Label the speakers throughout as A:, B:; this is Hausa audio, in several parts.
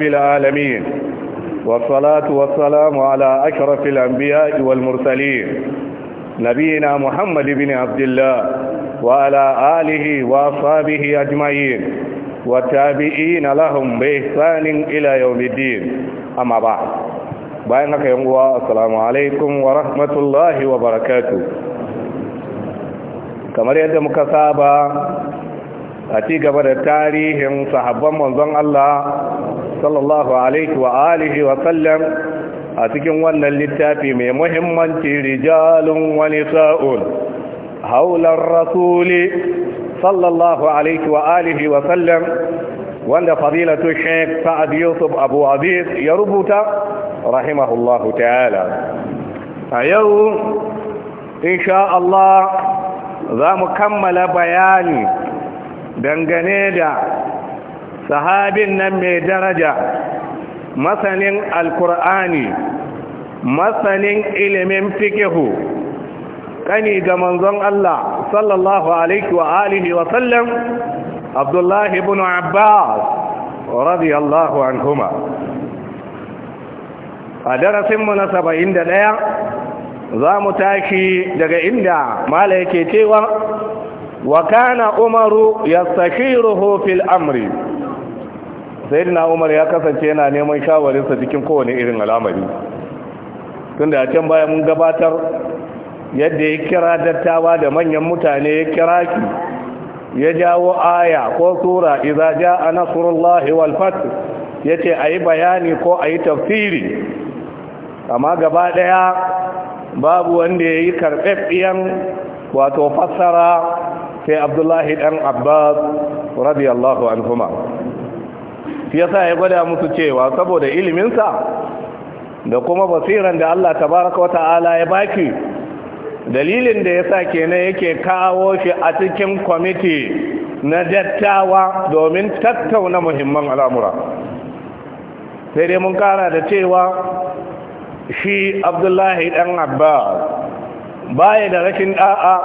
A: العالمين والصلاة والسلام على أشرف الأنبياء والمرسلين نبينا محمد بن عبد الله وعلى آله وأصحابه أجمعين والتابعين لهم بإحسان إلى يوم الدين أما بعد بينك يوم السلام عليكم ورحمة الله وبركاته كما يدى مكسابة a ci gaba da tarihin sahabban manzon Allah sallallahu alaihi wa alihi wa sallam a cikin wannan littafi mai muhimmanci rijalun wa nisa'un haular rasuli sallallahu alaihi wa alihi wa sallam wanda fadilatu sheikh sa'ad yusuf abu aziz ya rubuta rahimahullahu ta'ala a yau insha Allah za mu kammala bayani dangane da sahabin nan mai daraja masanin alkur'ani masanin ilimin fikihu kani ga manzon Allah sallallahu alaihi wa alihi wa sallam Abdullahi ibn Abbas radiyallahu anhuma a darasin mu na 71 za mu tashi daga inda mala yake cewa wa kana umaru yastashiruhu fil amri na umar ya kasance yana neman shawarinsa cikin kowane irin al'amari tunda a can baya mun gabatar yadda ya kira dattawa da manyan mutane ya kira ki ya jawo aya ko sura idza jaa nasrullahi wal ce yace ayi bayani ko ayi tafsiri amma gaba daya babu wanda yayi karbebbiyan wato fassara sai Abdullahi dan Abbas radiyallahu anhuma shi yasa ya gwada musu cewa saboda iliminsa da kuma basiran da Allah tabaraka wa ta'ala ya baki dalilin da ya yasa kenan yake kawo shi a cikin kwamiti na dattawa domin tattauna muhimman al'amura sai dai mun kara da cewa shi abdullahi dan abbas baya da rashin da'a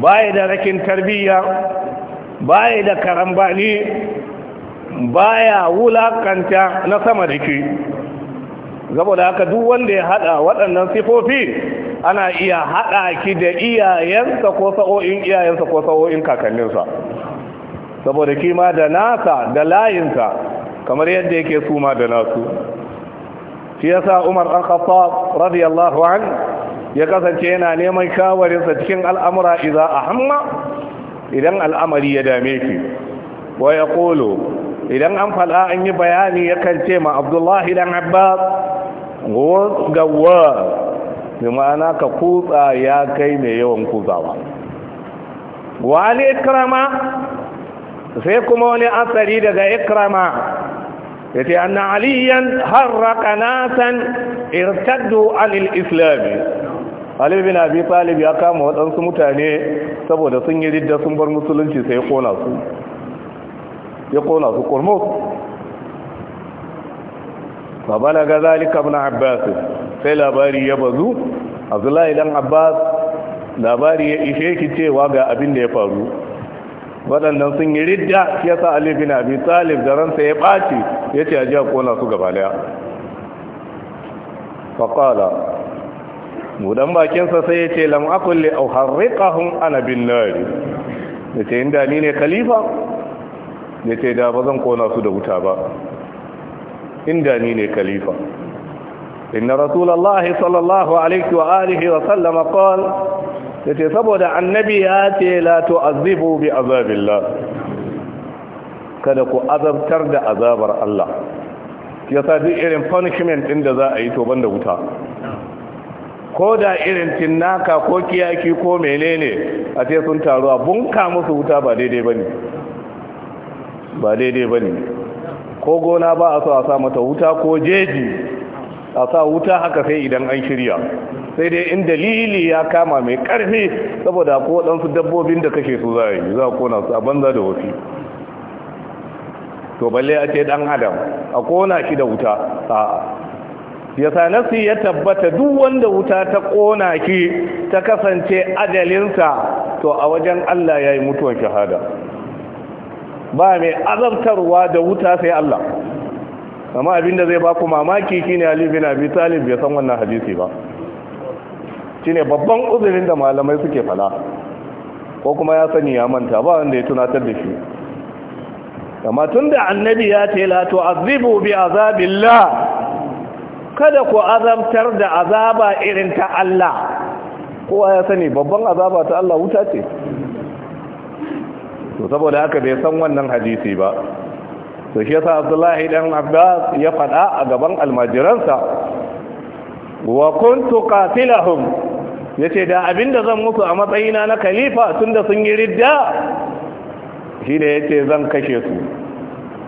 A: baya da rashin tarbiyya baya da karambani baya wulakanta na sama da shi saboda haka duk wanda ya hada waɗannan sifofi ana iya hada ki da iyayensa ko sa'o'in iyayensa ko sa'o'in kakanninsa saboda kima da nasa da layinsa kamar yadda yake ma da nasu shi ya sa Umar an kafa radiyallahu an ya kasance yana neman shawarinsa cikin al'amura a hamma? idan al'amari ya dame ki wa kolo. idan an fada an yi bayani yakan ce ma abdullahi dan abbas gawa bi ma'ana ka kutsa ya kai mai yawan kutsawa wani ikrama sai kuma wani asari daga ikrama ya ce an aliyan harraka nasan irtaddu anil islami Ali bin Abi Talib ya kama waɗansu mutane saboda sun yi ridda sun bar musulunci sai kona su ya kona su kurmus fa balaga na ibn abbas sai labari ya bazu abdullahi dan abbas labari ya ishe ki cewa ga abin da ya faru waɗannan sun yi ridda ya sa Ali bin Abi Talib da ya ɓaci ya ce ajiya kona su gaba daya faƙala budan bakinsa sai ya ce lam akulli au harriqahum ana bin nari da ce inda ni ne khalifa ya ce da ba zan kona su da wuta ba inda ni ne khalifa inna rasulallahi sallallahu alaihi wa alihi wa sallama qala ya ce saboda annabi ya ce la tu'azzibu bi azabillah kada ku azabtar da azabar Allah yasa duk irin punishment din da za a yi to banda wuta ko da irin tinaka ko kiyaki ko menene a ce sun taru a bunka musu wuta ba daidai bane ba daidai ba ne ko gona ba a so a sa mata wuta ko jeji a sa wuta haka sai idan an shirya sai dai in dalili ya kama mai karfi saboda ko waɗansu dabbobin da kashe su za a yi za a kona su a banza da wasu to balle a ce dan adam a kona shi da wuta a ya nasi ya tabbata duk wanda wuta ta kona shi ta kasance ajalinsa to a wajen Allah ya yi mutuwan shahada ba mai azabtarwa da wuta sai Allah amma abinda zai ba ku mamaki shine Ali bin Abi Talib bai san wannan hadisi ba shine babban uzurin da malamai suke fala ko kuma ya sani ya manta ba wanda ya tunatar da shi amma da annabi ya ce la tu'azibu bi azabillah kada ku azabtar da azaba irin ta Allah kowa ya sani babban azaba ta Allah wuta ce to saboda haka bai san wannan hadisi ba to shi yasa abdullahi dan abbas ya fada a gaban almajiransa wa kuntu qatilahum yace da abinda zan musu a matsayina na khalifa tunda sun yi ridda shi ne yace zan kashe su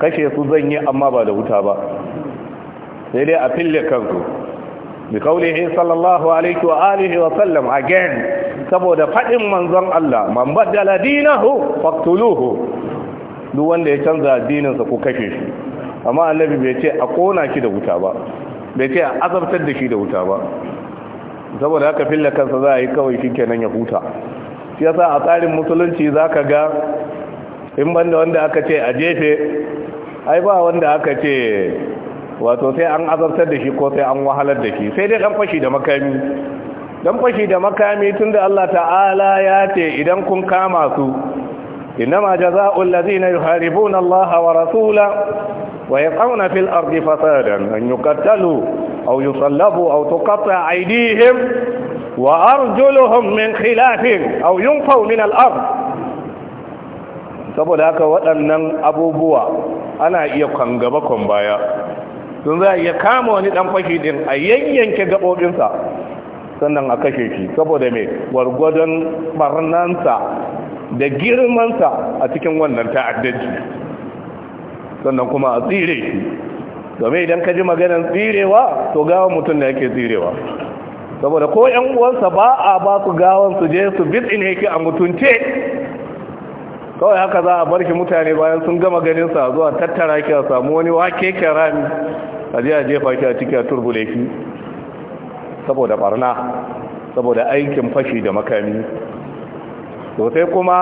A: kashe su zan yi amma ba da wuta ba sai dai a fille kansu bi qawlihi sallallahu alaihi wa alihi wa sallam again saboda fadin manzon Allah man badala dinahu faqtuluhu duk wanda ya canza addininsa ko kake shi amma annabi bai ce a kona ki da wuta ba bai ce a azabtar da shi da wuta ba saboda haka filla kansa za a yi kawai shi kenan ya huta shi yasa a tsarin musulunci za ka ga in banda wanda aka ce a jefe ai ba wanda aka ce wato sai an azartar da shi ko sai an wahalar da shi sai dai dan fashi da makami dan fashi da makami tunda Allah ta'ala ya ce idan kun kama su innama jazaa'ul ladzina yuharibuna Allah wa rasula wa yaqawna fil ardi fasadan an yuqattalu aw yusallabu aw tuqatta aydihim wa arjuluhum min khilafin aw yunfaw min al-ard saboda haka waɗannan abubuwa ana iya kwangaba baya Sun za a iya kama wani dan fashi ɗin a yayyanke gaɓoɓinsa sannan a kashe shi saboda mai gwargwadon barnansa da girmansa a cikin wannan ta'addanci sannan kuma a tsire shi domin idan ka ji maganar tsirewa to gawa mutum da yake tsirewa saboda ko yan uwansa ba a ba su gawan su je su bitsine ki a mutunce kawai haka za a barki mutane bayan sun gama ganin sa zuwa tattara ki a samu wani wake rami a ji a jefa ki a ciki turbule ki saboda barna saboda aikin fashi da makami sosai kuma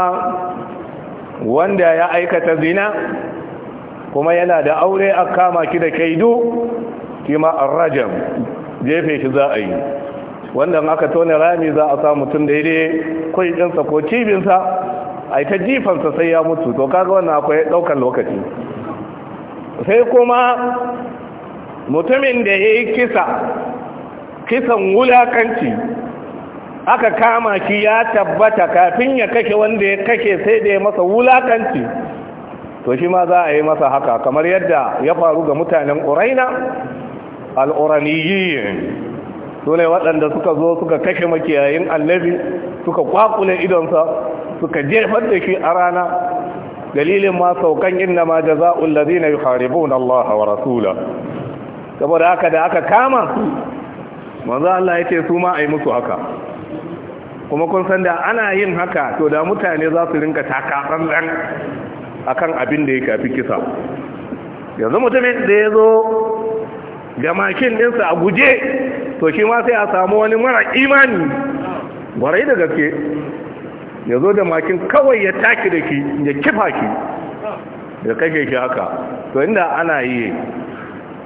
A: wanda ya aikata zina kuma yana da aure a kama ki da kaidu kima arrajam jefe shi za a yi wanda aka tone rami za a sa mutum daidai kwai ɗinsa ko cibinsa ai ta jifansa sai ya mutu to kaga wannan akwai ɗaukan lokaci sai kuma mutumin da ya yi kisa kisan wulakanci aka kama shi ya tabbata kafin ya kashe wanda ya kashe sai da ya masa wulakanci to shi ma za a yi masa haka kamar yadda ya faru ga mutanen ƙuraina al'uraniyiyin su ne waɗanda suka zo suka kashe makiyayin annabi suka kwakule idonsa suka jefar da shi a rana dalilin ma saukan inna ma jaza'ul ladina yuharibuna Allah wa rasula saboda haka da aka kama su. manzo Allah ce su ma ai musu haka kuma kun san da ana yin haka to da mutane za su rinka taka tsantsan akan abin da ya kafi kisa yanzu mutumin da ya zo ga makin ɗinsa a guje to shi ma sai a samu wani mara imani Barai da gaske ya zo da makin kawai ya taki da ki ya kifa ki da kake ki haka to inda ana yi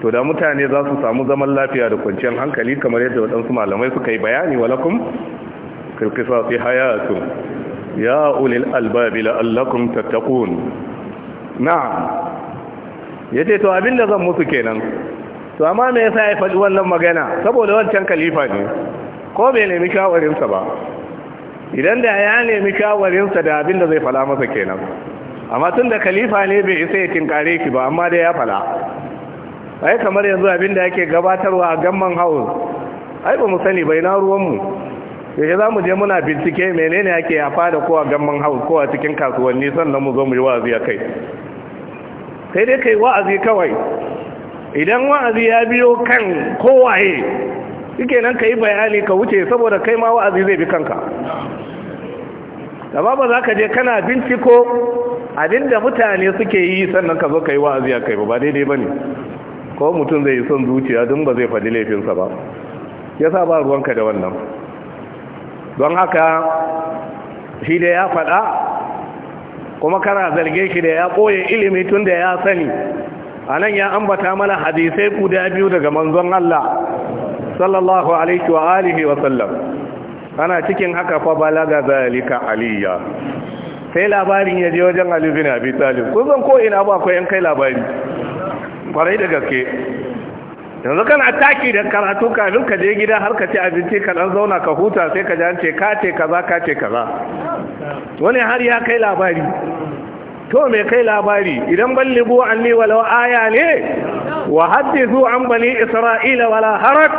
A: to da mutane za su samu zaman lafiya da kwanciyar hankali kamar yadda waɗansu malamai suka yi bayani walakum kirkisa fi hayatu ya ulil albabi la'allakum tattaqun na'am yace to abinda zan musu kenan to amma me yasa ya faɗi wannan magana saboda wancan khalifa ne ko bai nemi shawarinsa ba idan da ya nemi shawarinsa da abin da zai fala masa kenan amma tun da khalifa ne bai isa ya tinkare ki ba amma da ya fala ai kamar yanzu abin da yake gabatarwa a gamman house ai ba mu sani bai na ruwanmu yaushe za mu je muna bincike menene yake ya fada ko a gamman house ko a cikin kasuwanni sannan mu zo mu yi wa'azi a kai sai dai kai wa'azi kawai idan wa'azi ya biyo kan kowaye suke nan ka yi bayani ka wuce saboda kai ma wa'azi zai bi kanka amma ba za ka je kana binciko abinda mutane suke yi sannan ka zo ka yi wa'azi a kai ba daidai ba ne ko mutum zai yi son zuciya don ba zai faɗi laifinsa ba ya sa ba ruwanka da wannan don haka shi da ya faɗa kuma kana zarge shi da ya ɓoye ilimi tun da ya sani a nan ya ambata mana hadisai guda biyu daga manzon Allah sallallahu alaihi wa alihi wa sallam ana cikin haka fa balaga zalika aliya sai labarin ya je wajen Ali bin Abi Talib kun san ko ina ba akwai yan kai labari farai da gaske yanzu kana taki da karatu kafin ka je gida har ka ci abinci ka dan zauna ka huta sai ka ji an ce ka ce kaza ka ce kaza wani har ya kai labari to me kai labari idan ballibu anni walau aya ne wa hadithu an bani isra'ila wala harak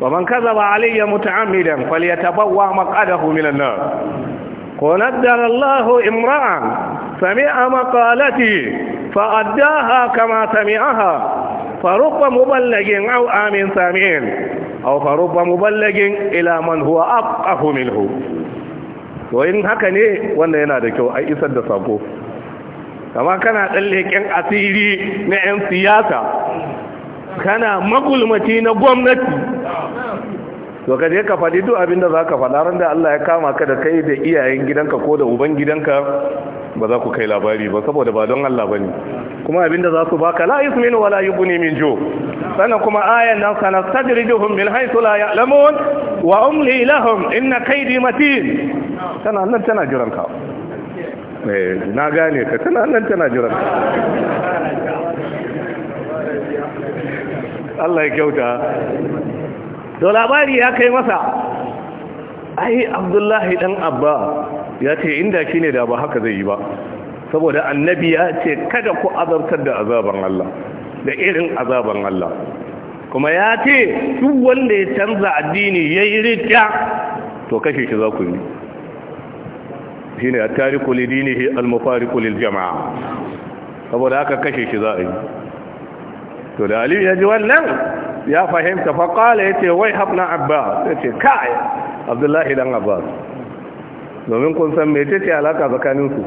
A: wa man kadhaba alayya muta'ammidan falyatabawwa maq'adahu minan nar ونذر الله امرأ سمع مقالتي فأداها كما سمعها فرب مبلغ أو آمن سامعين أو فرب مبلغ إلى من هو أفقه منه to in haka ne wannan yana da kyau a isar da sako kama kana ɗan leƙen asiri na 'yan siyasa kana magulmaci na gwamnati to ka ka faɗi duk abin da za ka faɗa ran da Allah ya kama ka da kai da iyayen gidanka ko da uban gidanka ba za ku kai labari ba saboda ba don Allah ba ne kuma abinda za su baka la yusminu wala yughni min jo. sannan kuma ayan nan sana sadrijuhum min haythu la ya'lamun wa umli lahum inna kaydi matin tana nan tana jiran ka eh na gane ka tana nan tana jiran ka Allah ya kyauta to labari ya kai masa ai abdullahi dan abba ya ce inda shi ne da ba haka zai yi ba saboda annabi ya ce kada ku azabtar da azaban Allah da irin azaban Allah kuma ya ce duk wanda ya canza addini ya yi rikya to kashe shi za ku yi shi ne a tariku lidinihi almufariku jama'a. saboda haka kashe shi za a yi to da aliyu ya ji wannan ya fahimta faƙala ya ce wai hafna abbas ya ce kai abdullahi dan abbas domin kun san mece ce alaka tsakaninsu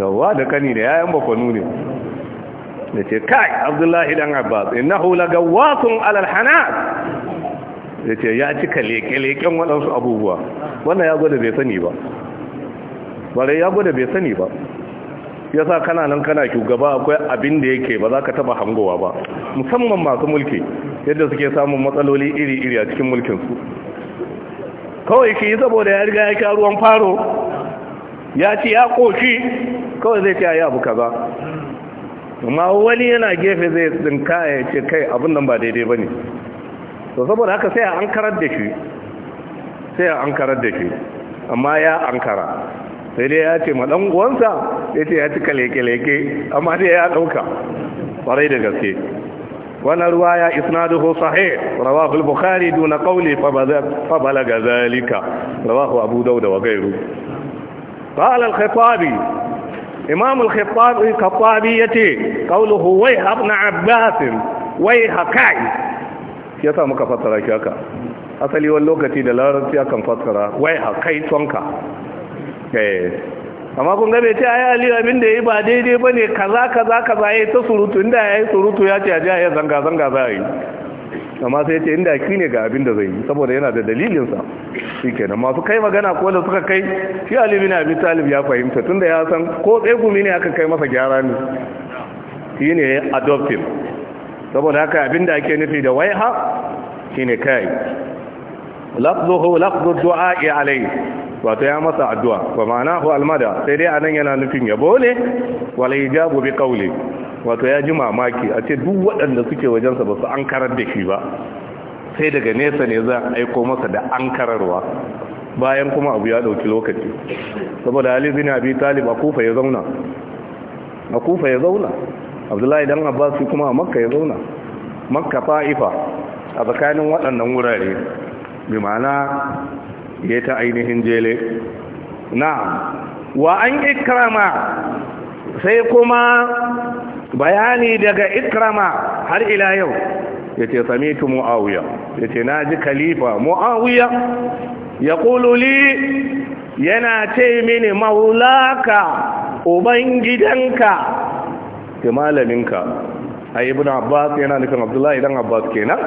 A: yawa da kani da yayan bakwanu ne da ce kai abdullahi dan abbas innahu ga alal hanat Ya ce ya cika leke-leken waɗansu abubuwa wannan ya gwada bai sani ba bare ya gwada bai sani ba Ya sa kana nan kana shugaba akwai abin da yake ba za ka taba hangowa ba musamman masu mulki yadda suke samun matsaloli iri-iri a cikin mulkinsu kawai ki saboda ya riga ya sha ruwan faro ya ci ya koshi kawai zai ya abu kaza amma wani yana gefe zai tsinka ya ce kai abin nan ba daidai ba ne to saboda haka sai a an karar da shi sai a an karar da shi amma ya ankara sai dai ya ce ma dan uwansa ya ce ya ci kaleke-leke amma dai ya ɗauka kwarai da gaske wannan ruwa ya isna sahih rawahu al-bukhari duna qawli fa balaga zalika rawahu abu dawud wa ghayru qala al-khitabi imam al-khitabi khitabi yace qawluhu wa ibn abbas wa hakai yasa muka fassara shi haka asali wani lokaci da larabci akan fassara wai haƙai tonka Eh. amma kun ga bai ce ali abin da yayi ba daidai ba ne kaza kaza kaza yi ta surutu inda yi surutu ya ce aje ayi zanga zanga za a yi amma sai ce inda ki ne ga abin da zai yi saboda yana da dalilin sa nan masu kai magana ko da suka kai shi ali abin talib ya fahimta tunda ya san ko tsegumi ne aka kai masa gyara ne shine adoptive saboda haka abin da ake nufi da waiha shine kai lafzuhu lafzu du'a'i alai wato ya masa addu'a wa ma'anahu almada sai dai anan yana nufin yabo ne wal ijabu bi qawli wato ya ji mamaki a ce duk waɗanda suke wajensa ba su ankarar da shi ba sai daga nesa ne za a aiko masa da ankararwa bayan kuma abu ya ɗauki lokaci saboda ali bin abi talib a kufa ya zauna a kufa ya zauna abdullahi dan abbas kuma a makka ya zauna makka fa'ifa a tsakanin waɗannan wurare bi ma'ana ya ta ainihin jele na wa an ikrama sai kuma bayani daga ikrama har ila yau ya ce samitu mu'awiya ya ce na ji khalifa mu'awiya ya kululi yana ce mini maulaka ubangidanka ke malaminka a ibn abbas yana nufin abdullahi idan abbas kenan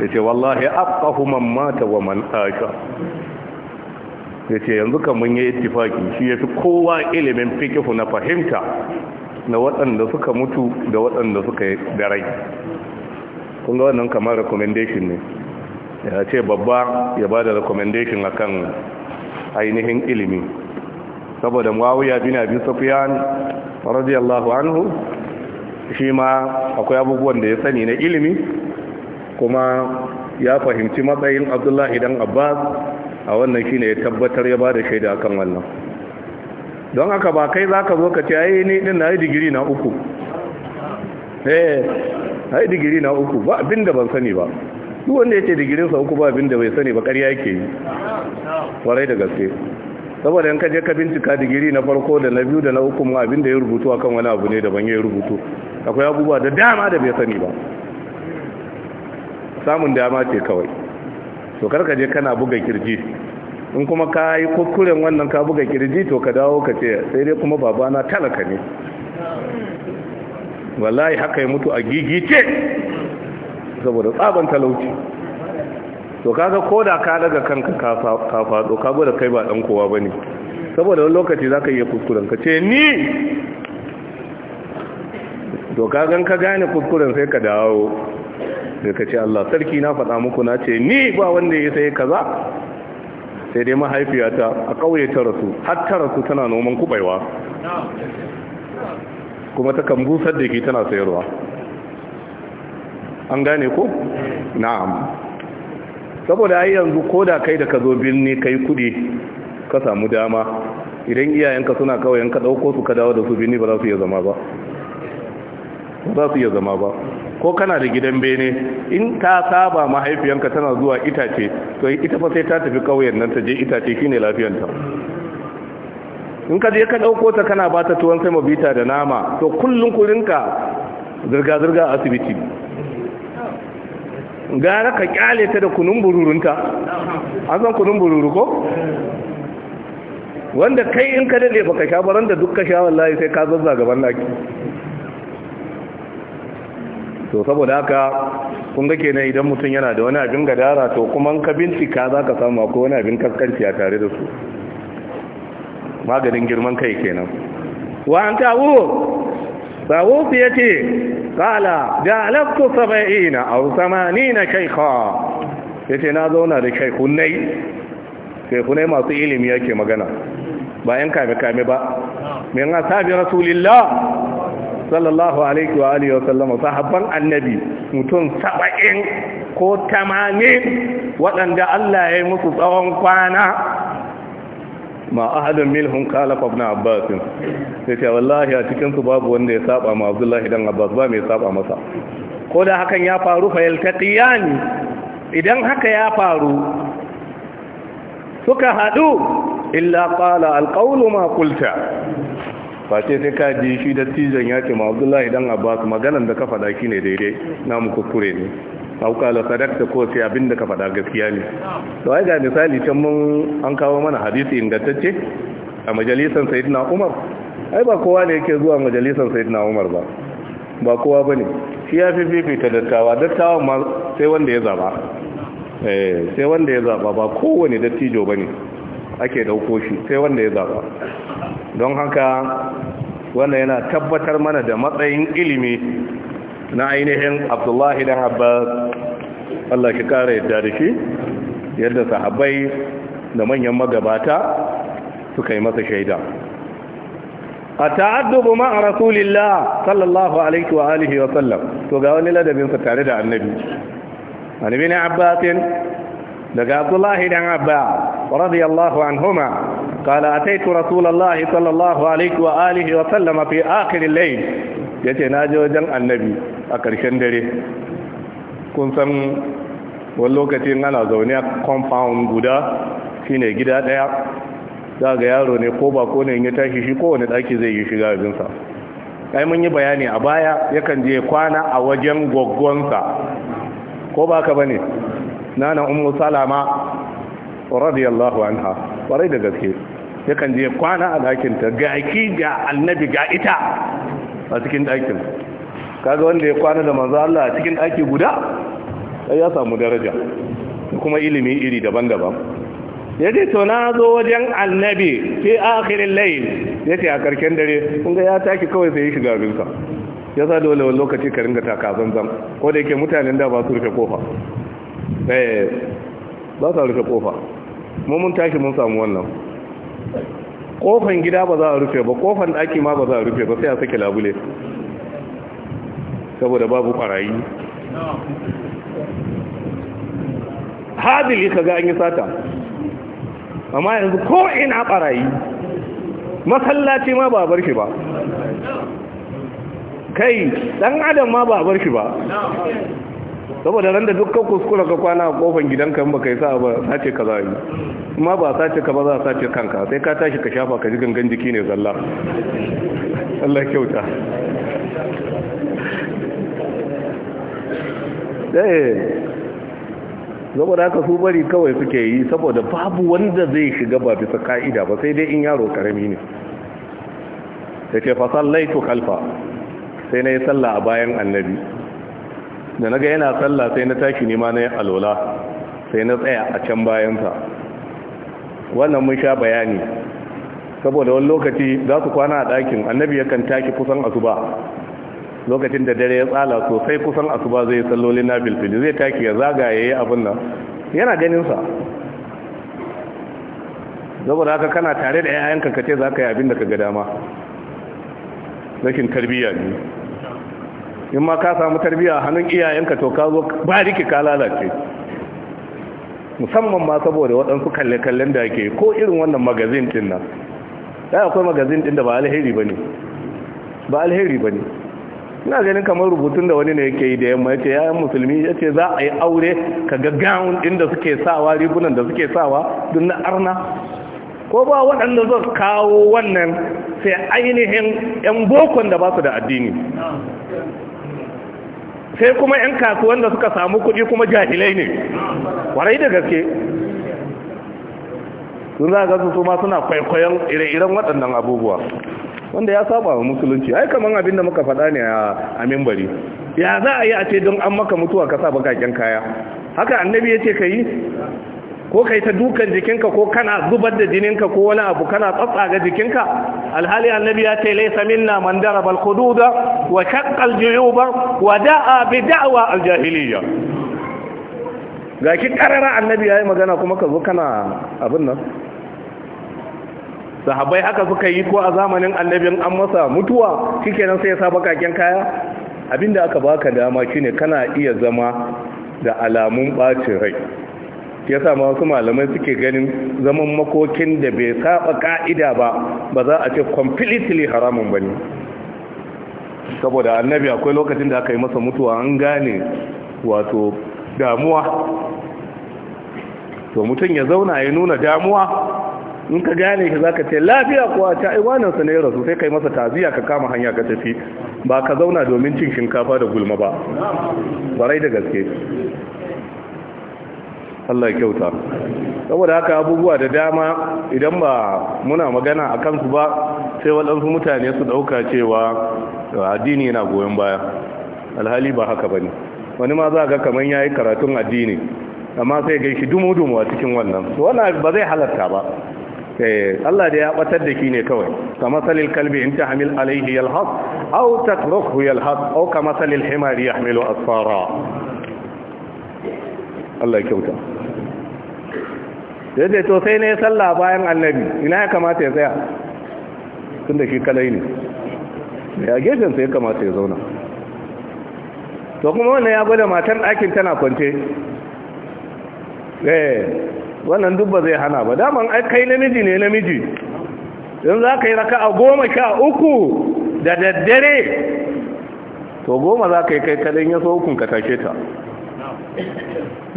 A: yace wallahi a man mata wa man ya yace yanzu kan mun yi ittifaki shi yafi kowa ilimin fiqhu na fahimta na waɗanda suka mutu da waɗanda suka yi rai kun wannan kamar recommendation ne ya ce babba ya ba da recommendation akan ainihin ilimi saboda muawiya bin abi sufyan radiyallahu anhu shi ma akwai abubuwan da ya sani na ilimi kuma ya fahimci matsayin abdullahi dan abbas a wannan shine ya tabbatar ya ba da shaida akan wannan don haka ba kai za ka zo ka ce ai ni din na yi digiri na uku eh ai digiri na uku ba abin da ban sani ba duk wanda ya ce digirinsa uku ba abin da bai sani ba ƙarya yake yi warai da gaske saboda ka je ka bincika digiri na farko da na biyu da na uku ma abin da ya rubutu akan wani abu ne da ban ya rubutu akwai abubuwa da dama da bai sani ba samun dama ce kawai to karka je kana buga kirji in kuma ka yi kukuren wannan ka buga kirji to ka dawo ka ce sai dai kuma babana talaka ne wallahi haka ya mutu a gigice saboda tsaban talauci to kaga koda ka daga kanka ka faɗo ka gwada kai ba ɗankowa kowa ba ne saboda wani lokaci za ka iya kuskuren ka ce ni to kagan ka gane kuskuren sai ka dawo sai ka ce Allah sarki na faɗa muku na ce ni ba wanda ya sai kaza sai dai mahaifiyata a ƙauye ta rasu har ta rasu tana noman kubaiwa kuma ta kan busar da ke tana sayarwa an gane ko? na'am saboda ai yanzu ko da kai da ka zo birni kai kudi ka samu dama idan iyayenka suna kawai yanka dauko su ka dawo da su birni ba ba za su iya zama ba ko kana da gidan bene in ta saba mahaifiyanka tana zuwa itace to ita fa sai ta tafi kauyen nan ta je itace shine lafiyanta in ka je ka dauko ta kana ba ta tuwon sai mabita da nama to kullun kurinka zirga zirga asibiti gara ka kyale ta da kunun bururunta an san kunun bururu ko wanda kai in ka dade baka sha baran da duk ka sha wallahi sai ka zazza gaban naki to saboda haka kun ga kenan idan mutum yana da wani abin gadara to kuma ka bincika za ka samu akwai wani abin kaskanci a tare da su maganin girman kai kenan wa an ba wu ya ce kala da alaftu saba'ina au samanina shaikha ya ce na zauna da shaikunai shaikunai masu ilimi yake magana ba yan kame-kame ba min asabi rasulillah sallallahu alaihi wa alihi wasallam sahabban annabi mutum 70 ko 80 waɗanda Allah ya yi musu tsawon kwana ma ahadun milhun kala ibn abbas sai ce wallahi a cikin su babu wanda ya saba ma abdullahi dan abbas ba mai saba masa ko da hakan ya faru fa yaltaqiyani idan haka ya faru suka hadu illa qala alqawlu ma qulta ba ce sai ka ji shi da tijan ya ce ma abdullahi dan abbas maganan da ka faɗa ki ne daidai na mu kuskure ne haukala sadakta ko sai abin da ka faɗa gaskiya ne da ai ga misali can mun an kawo mana hadisi ingantacce a majalisar sayyidina umar ai ba kowa ne yake zuwa majalisar sayyidina umar ba ba kowa ba ne? shi ya fi fifita dattawa dattawa ma sai wanda ya zaba eh sai wanda ya zaba ba kowane dattijo bane ake ɗauko shi sai wanda ya zaba don haka wannan yana tabbatar mana da matsayin ilimi na ainihin abdullahi dan abbas Allah ki kara yadda da shi yadda sahabbai da manyan magabata suka yi masa shaida a ta'addubu ma a rasulillah sallallahu alaihi wa alihi wa sallam to ga wani ladabinsa tare da annabi annabi ne abbasin daga abdullahi dan abba رضي الله عنهما قال أتيت رسول الله صلى الله عليه وآله وسلم في آخر الليل يتي ناجو جن النبي أكرشن دري kun san wani lokacin زوني كومباوند a compound guda ديا daga yaro ne ko ba ko ne in ya tashi shi ko wani daki zai yi shiga abin sa ai mun yi bayani a baya yakan je kwana a wajen gwaggwansa ko ba ka bane nana ummu salama radiyallahu anha warai da gaske yakan je kwana a ɗakinta ga aiki ga annabi ga ita a cikin ɗakin kaga wanda ya kwana da manzo Allah a cikin ɗaki guda sai ya samu daraja kuma ilimi iri daban-daban ya ce to na zo wajen annabi fi akhirin layl ya ce a karken dare kun ga ya taki kawai sai ya shiga abinsa ya sa dole wani lokaci ka ringa taka zanzan ko da yake mutanen da ba su rufe kofa eh, ba su rufe kofa mun tashi mun samu wannan kofan gida ba za a rufe ba kofan daki ma ba za a rufe ba sai a sake labule saboda babu ƙarayi. hadili ka ga an yi sata amma yanzu ko ina ƙarayi, masallaci ma ba bar shi ba kai dan adam ma ba bar shi ba saboda ran da dukkan kuskura ka kwana a kofan gidanka ba kai sa ba sace ka zai kuma ba sace ka ba za a sace kanka sai ka tashi ka shafa ka ji gangan jiki ne zalla Allah kyauta eh saboda haka su bari kawai suke yi saboda babu wanda zai shiga ba bisa ka'ida ba sai dai in yaro karami ne sai ce fa sallaitu khalfa sai na yi sallah a bayan annabi da naga yana sallah sai na tashi nema na alola sai na tsaya a can bayansa wannan mun sha bayani saboda wani lokaci za su kwana a ɗakin annabi yakan tashi kusan asuba lokacin da dare ya tsala sosai kusan asuba zai sallolin na bilfili zai taki ya zagaye ya abin nan yana ganinsa saboda haka kana tare da 'ya'yanka ka ce za ka yi abin da ka ga dama rashin tarbiyya ne in ma ka samu tarbiya hannun iyayenka to ka zo ba riki ka lalace musamman ma saboda waɗansu kalle-kallen da ke ko irin wannan magazin ɗin nan ɗaya akwai magazin ɗin da ba alheri ba ne ba alheri ba ne ina ganin kamar rubutun da wani ne yake yi da yamma ce yayan musulmi yace za a yi aure ka ga gawun ɗin da suke sawa rigunan da suke sawa duk na arna ko ba waɗanda zai kawo wannan sai ainihin yan bokon da ba su da addini sai kuma 'yan kasuwan da suka samu kuɗi kuma jahilai ne warai da gaske sun za ga su ma suna kwaikwayon ire-iren waɗannan abubuwa wanda ya saba wa musulunci ai kamar abin da muka faɗa ne a mimbari ya za a yi a ce don an maka mutuwa ka sa bakaken kaya haka annabi ya ce ka yi ko kai ta dukan jikinka ko kana zubar da jininka ko wani abu kana tsatsaga jikinka alhali annabi ya ce laysa minna man daraba al wa shaqqa aljuyuba wa da'a bi da'wa aljahiliya gaki karara annabi yayi magana kuma ka zo kana abin nan sahabbai haka suka yi ko a zamanin annabin an masa mutuwa shikenan sai ya sa bakaken kaya abinda aka baka dama shine kana iya zama da alamun bacin rai ya sami masu malamai suke ganin zaman makokin da bai saba ka'ida ba ba za a ce completely haramun ba ne saboda annabi akwai lokacin da aka yi masa mutuwa an gane wato damuwa to mutum ya zauna ya nuna damuwa in ka gane shi zaka ce lafiya kuwa ta iwanin sa ne ya rasu sai ka yi masa taziya ka kama hanya ka tafi ba ka zauna domin cin shinkafa da gulma ba barai da gaske Allah kyauta saboda haka abubuwa da dama idan ba muna magana a kansu ba sai waɗansu mutane su ɗauka cewa addini yana goyon baya alhali ba haka ba ne wani ma za ga kamar ya yi karatun addini amma sai ga shi dumu-dumu a cikin wannan wannan ba zai halarta ba eh, Allah da ya batar da shi ne kawai ka masalil kalbi in ta hamil alaihi au ta tatruhu yalhaq au ka masalil himari Hamilu asfara Allah kyauta da yadda to sai ne sallah bayan annabi ina ya kamata ya tsaya tun da shi kalai ne ya gefen ya kamata ya zauna to kuma wannan ya gwada matan ɗakin tana kwance eh wannan dubba zai hana ba daman kai namiji ne namiji in za ka yi raka a goma sha uku da daddare to goma za ka yi kai kalin ya so hukun ka ta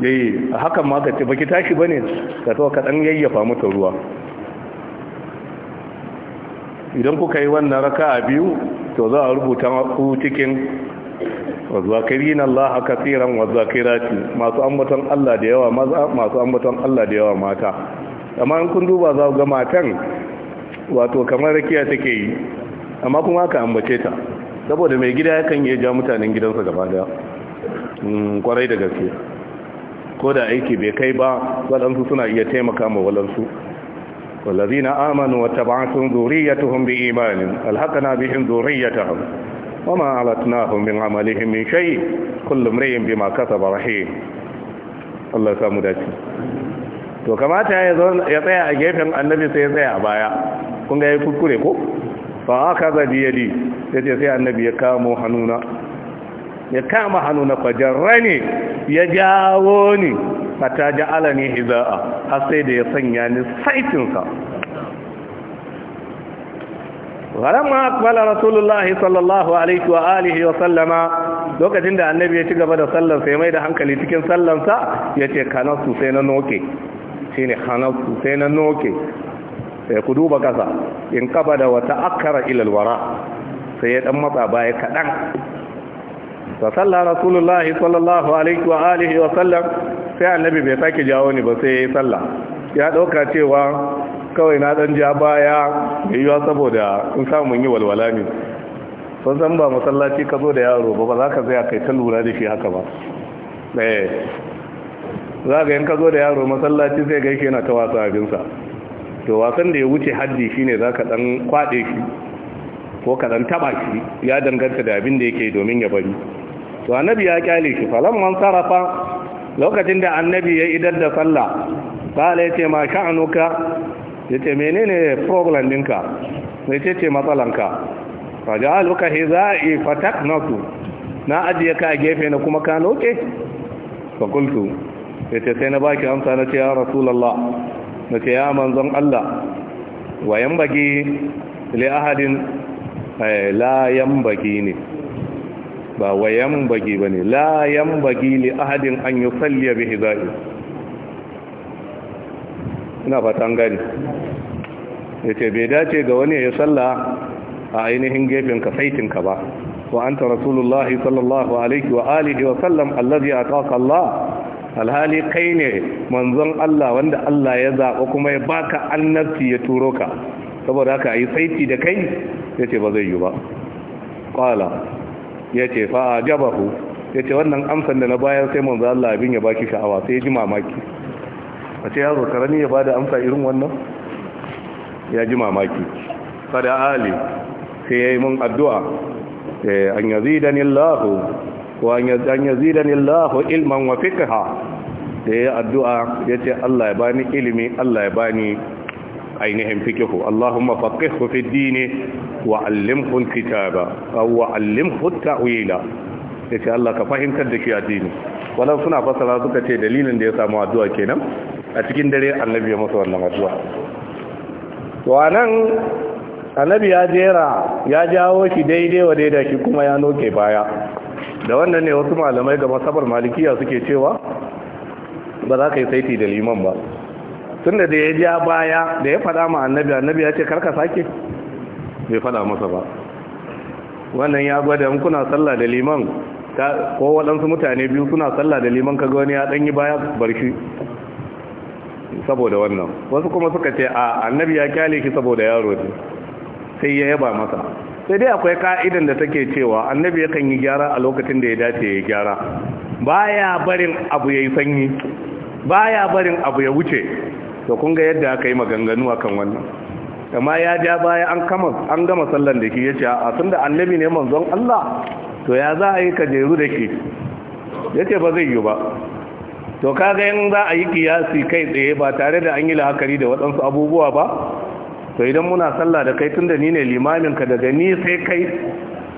A: a eh, hakan ma ka ce baki tashi bane ka to ka dan yayyafa mata ruwa idan kuka yi wannan raka'a biyu to za a rubuta ku cikin wazakirin Allah kaseeran wazakirati masu ambaton Allah da yawa maza masu ambaton Allah da yawa mata amma in kun duba za ku ga matan wato kamar rakiya take yi amma kuma aka ambace ta saboda mai gida yakan iya ja mutanen gidansa gaba daya hmm, kwarai da gaske ko da aiki bai kai ba waɗansu suna iya taimaka ma waɗansu والذين آمنوا واتبعتهم ذريتهم بإيمان ألحقنا بهم ذريتهم وما علتناهم من عملهم من شيء كل امرئ بما كسب رحيم الله يسامو داتي to kamata ya zo ya tsaya a gefen annabi sai ya tsaya a baya kun ga ya kuskure ko fa aka zabi yadi sai annabi ya kamo hannuna ya kama hannu na kwajarra ne ya jawo ni fata ja'ala ne hiza'a har sai da ya sanya ni saitinsa ولما أقبل رسول sallallahu alaihi wa عليه lokacin da annabi ya ci gaba da sallar sai mai da hankali cikin sallansa ya ce kanar sai na noke sai na noke sai ku duba kasa in kaba da wata akara ilalwara sai ya dan matsa baya kaɗan fasalla rasulullahi sallallahu alaihi wa alihi wa sallam sai annabi bai sake jawo ni ba sai yayi sallah ya dauka cewa kawai na dan ja baya bai yiwa saboda in samu yi walwala ne sun san ba masallaci ka zo da yaro ba ba za ka zai kai ta lura da shi haka ba eh za ga yin ka zo da yaro masallaci sai gaishe yana ta wasa abinsa to wasan da ya wuce haddi shine za ka dan kwaɗe shi ko ka dan taba shi ya danganta da abin da yake domin ya bari to annabi ya kyale shi falan man sarafa lokacin da annabi ya idar da sallah kala yace ma sha'anuka yace menene problem dinka sai ce ce matsalanka fajaluka hizai fataknatu na ajiye ka a gefe na kuma ka loke? fa ya yace sai na baki amsa na ce ya rasulullah na ce ya manzon Allah wa yambagi li ahadin eh, la yambagi ne ba wa yambagi ba ne la yambagi li ahadin an yi salliya bi hiza'i ina fatan gani ya ce bai dace ga wani ya salla a ainihin gefen ka saitinka ba wa an ta rasulullah sallallahu alaihi wa alihi wa sallam allazi ataka Allah alhali kai ne manzon Allah wanda Allah ya zaɓa kuma ya baka annabci ya turo ka saboda haka yi saiti da kai yace ba zai yi ba qala ya ce fa a ajabahu ya ce wannan amsan da na bayan sai manzo Allah abin ya baki sha'awa sai ya ji mamaki a ce ya zo karani ya bada amsa irin wannan ya ji mamaki kada ali sai ya yi mun addu'a an zidani Allah wa an zidani Allah ilman wa fiqha sai ya addu'a ya ce Allah ya bani ilimi Allah ya bani ainihin fikihu Allahumma faqihhu fi dini wa allimhu alkitaba aw wa allimhu ta'wila yace Allah ka fahimtar da shi addini wannan suna fasara suka ce dalilin da ya samu addu'a kenan a cikin dare annabi ya masa wannan addu'a to anan annabi ya jera ya jawo shi daidai wa daidai shi kuma ya noke baya da wannan ne wasu malamai ga masabar malikiya suke cewa ba za ka yi saiti da liman ba tunda da ya ja baya da ya faɗa ma annabi annabi ya ce karka sake bai faɗa masa ba wannan ya gwada in kuna sallah da liman ko waɗansu mutane biyu suna sallah da liman kaga wani ya ɗanyi baya barshi saboda wannan wasu kuma suka ce a annabi ya kyale shi saboda yaro ne sai ya yaba masa sai dai akwai ka'idan da take cewa annabi kan yi gyara a lokacin da ya dace ya gyara baya barin abu yayi sanyi baya barin abu ya wuce to kun ga yadda aka yi maganganu kan wannan amma ya ja baya an kama an gama sallan da ke ya ce a tun da annabi ne manzon Allah to ya za a yi kajeru da ke ya ce ba zai yi ba to kaga yin za a yi kiyasi kai tsaye ba tare da an yi la'akari da waɗansu abubuwa ba to idan muna sallah da kai tun da ni ne limaminka daga ni sai kai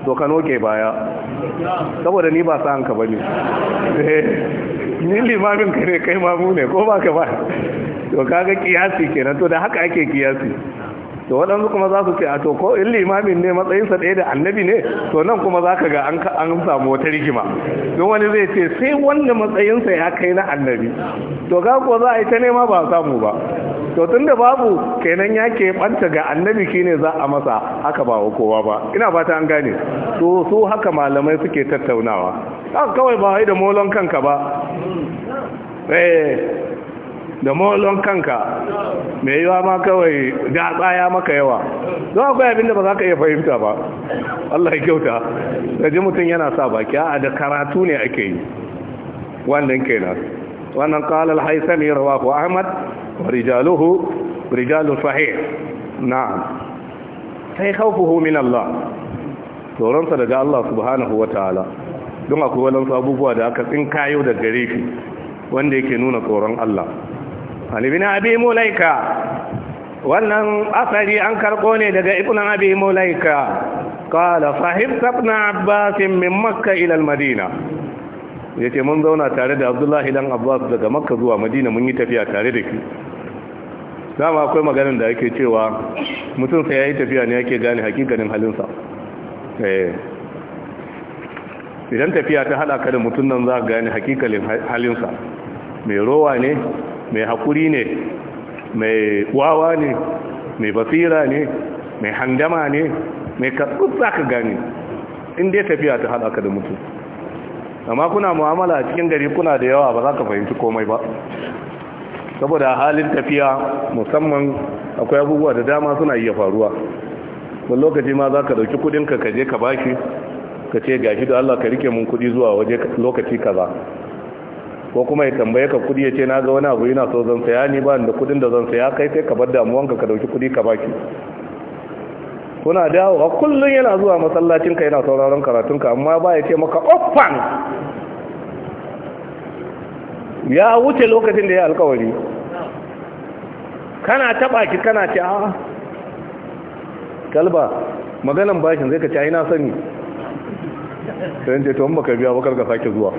A: to ka noke baya saboda ni ba sa hanka ba ne. ni limamin ka ne kai mamu ne ko ba ka ba to kaga kiyasi kenan to da haka ake kiyasi to waɗansu kuma za su ce a to ko in limamin ne matsayinsa ɗaya da annabi ne to nan kuma za ka ga an samu wata rigima don wani zai ce sai wanda matsayinsa ya kai na annabi to ga ko za a yi ta nema ba samu ba to tun da babu kenan ya ke ɓanta ga annabi shine za a masa haka ba wa kowa ba ina ta an gane to su haka malamai suke tattaunawa A kawai ba wai da molon kanka ba eh. da molon kanka mai yiwa ma kawai da tsaya maka yawa don akwai abinda ba za ka iya fahimta ba Allah ya kyauta da ji mutum yana sa baki a da karatu ne ake yi wannan kenan wannan kalal haifar ya rawa ku ahmad wa rijaluhu rijalu sahih na'am sai khawfuhu min Allah tsoronsa daga Allah subhanahu wa ta'ala don akwai wani abubuwa da aka tsinkayo da gare shi wanda yake nuna tsoron Allah alibin abi mulaika wannan asali an karɓo ne daga ibn abi mulaika kala sahib sabna abbasin min makka ilal madina ya ce mun zauna tare da abdullahi dan abbas daga makka zuwa madina mun yi tafiya tare da ki dama akwai maganin da ake cewa mutum sai ya yi tafiya ne yake gane hakikanin halinsa idan tafiya ta haɗa ka da mutum nan za a gane hakikalin halinsa mai rowa ne mai haƙuri ne mai wawa ne mai basira ne mai handama ne mai karɓar za ka gani inda ya tafiya ta haɗa ka da mutu amma kuna mu'amala a cikin gari kuna da yawa ba za ka fahimci komai ba saboda halin tafiya musamman akwai abubuwa da dama suna iya faruwa wani lokaci ma za ka ɗauki kudinka ka je ka bashi ka ce gashi da Allah ka rike mun kudi zuwa waje lokaci kaza ko kuma ya tambaye ka kudi ya ce na ga wani abu yana so zan saya ni ba da kudin da zan saya kai sai ka bar damuwanka ka dauki kudi ka baki kuna dawo a kullum yana zuwa ka yana sauraron karatunka amma ba ya ce maka offan. ya wuce lokacin da ya alkawari kana taba ki kana ce a kalba maganan bashin zai ka ci na sani sai ce to baka biya bakar ka sake zuwa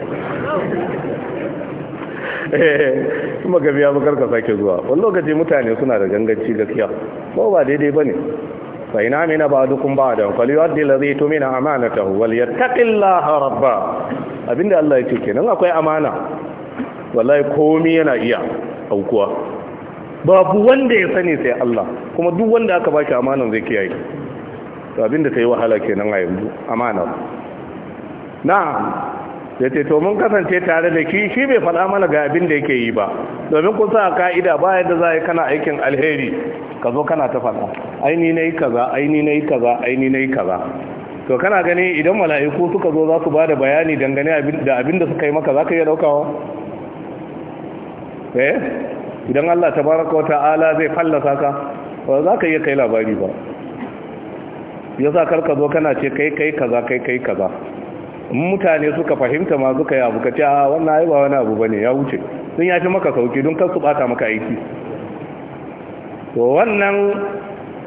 A: Eh, kuma gabi ya bakar ka sake zuwa wani lokaci mutane suna da ganganci gaskiya ko ba daidai bane fa ina mina ba dukun ba da kwali wadda lazai amana ta amanatahu wal yattaqillaha abinda Allah ya ce kenan akwai amana wallahi komi yana iya aukuwa babu wanda ya sani sai Allah kuma duk wanda aka baki amana zai kiyaye to abinda ta yi wahala kenan a yanzu amana na. ya ce to mun kasance tare da ki shi bai faɗa mana ga abin da yake yi ba domin kun sa ka'ida ba yadda za yi kana aikin alheri ka zo kana ta faɗa aini na yi kaza aini na yi kaza aini na yi kaza to kana gani idan mala'iku suka zo za su ba da bayani dangane da abin da suka yi maka za ka iya ɗaukawa eh idan allah ta baraka wa ta'ala zai fallasa ka ba za ka iya kai labari ba ya sa karka zo kana ce kai kai kaza kai kai kaza mutane suka fahimta ma suka yi abu kace a ah, wannan ai ba wani abu bane ya wuce sun ya fi maka sauki don kar bata maka aiki to wannan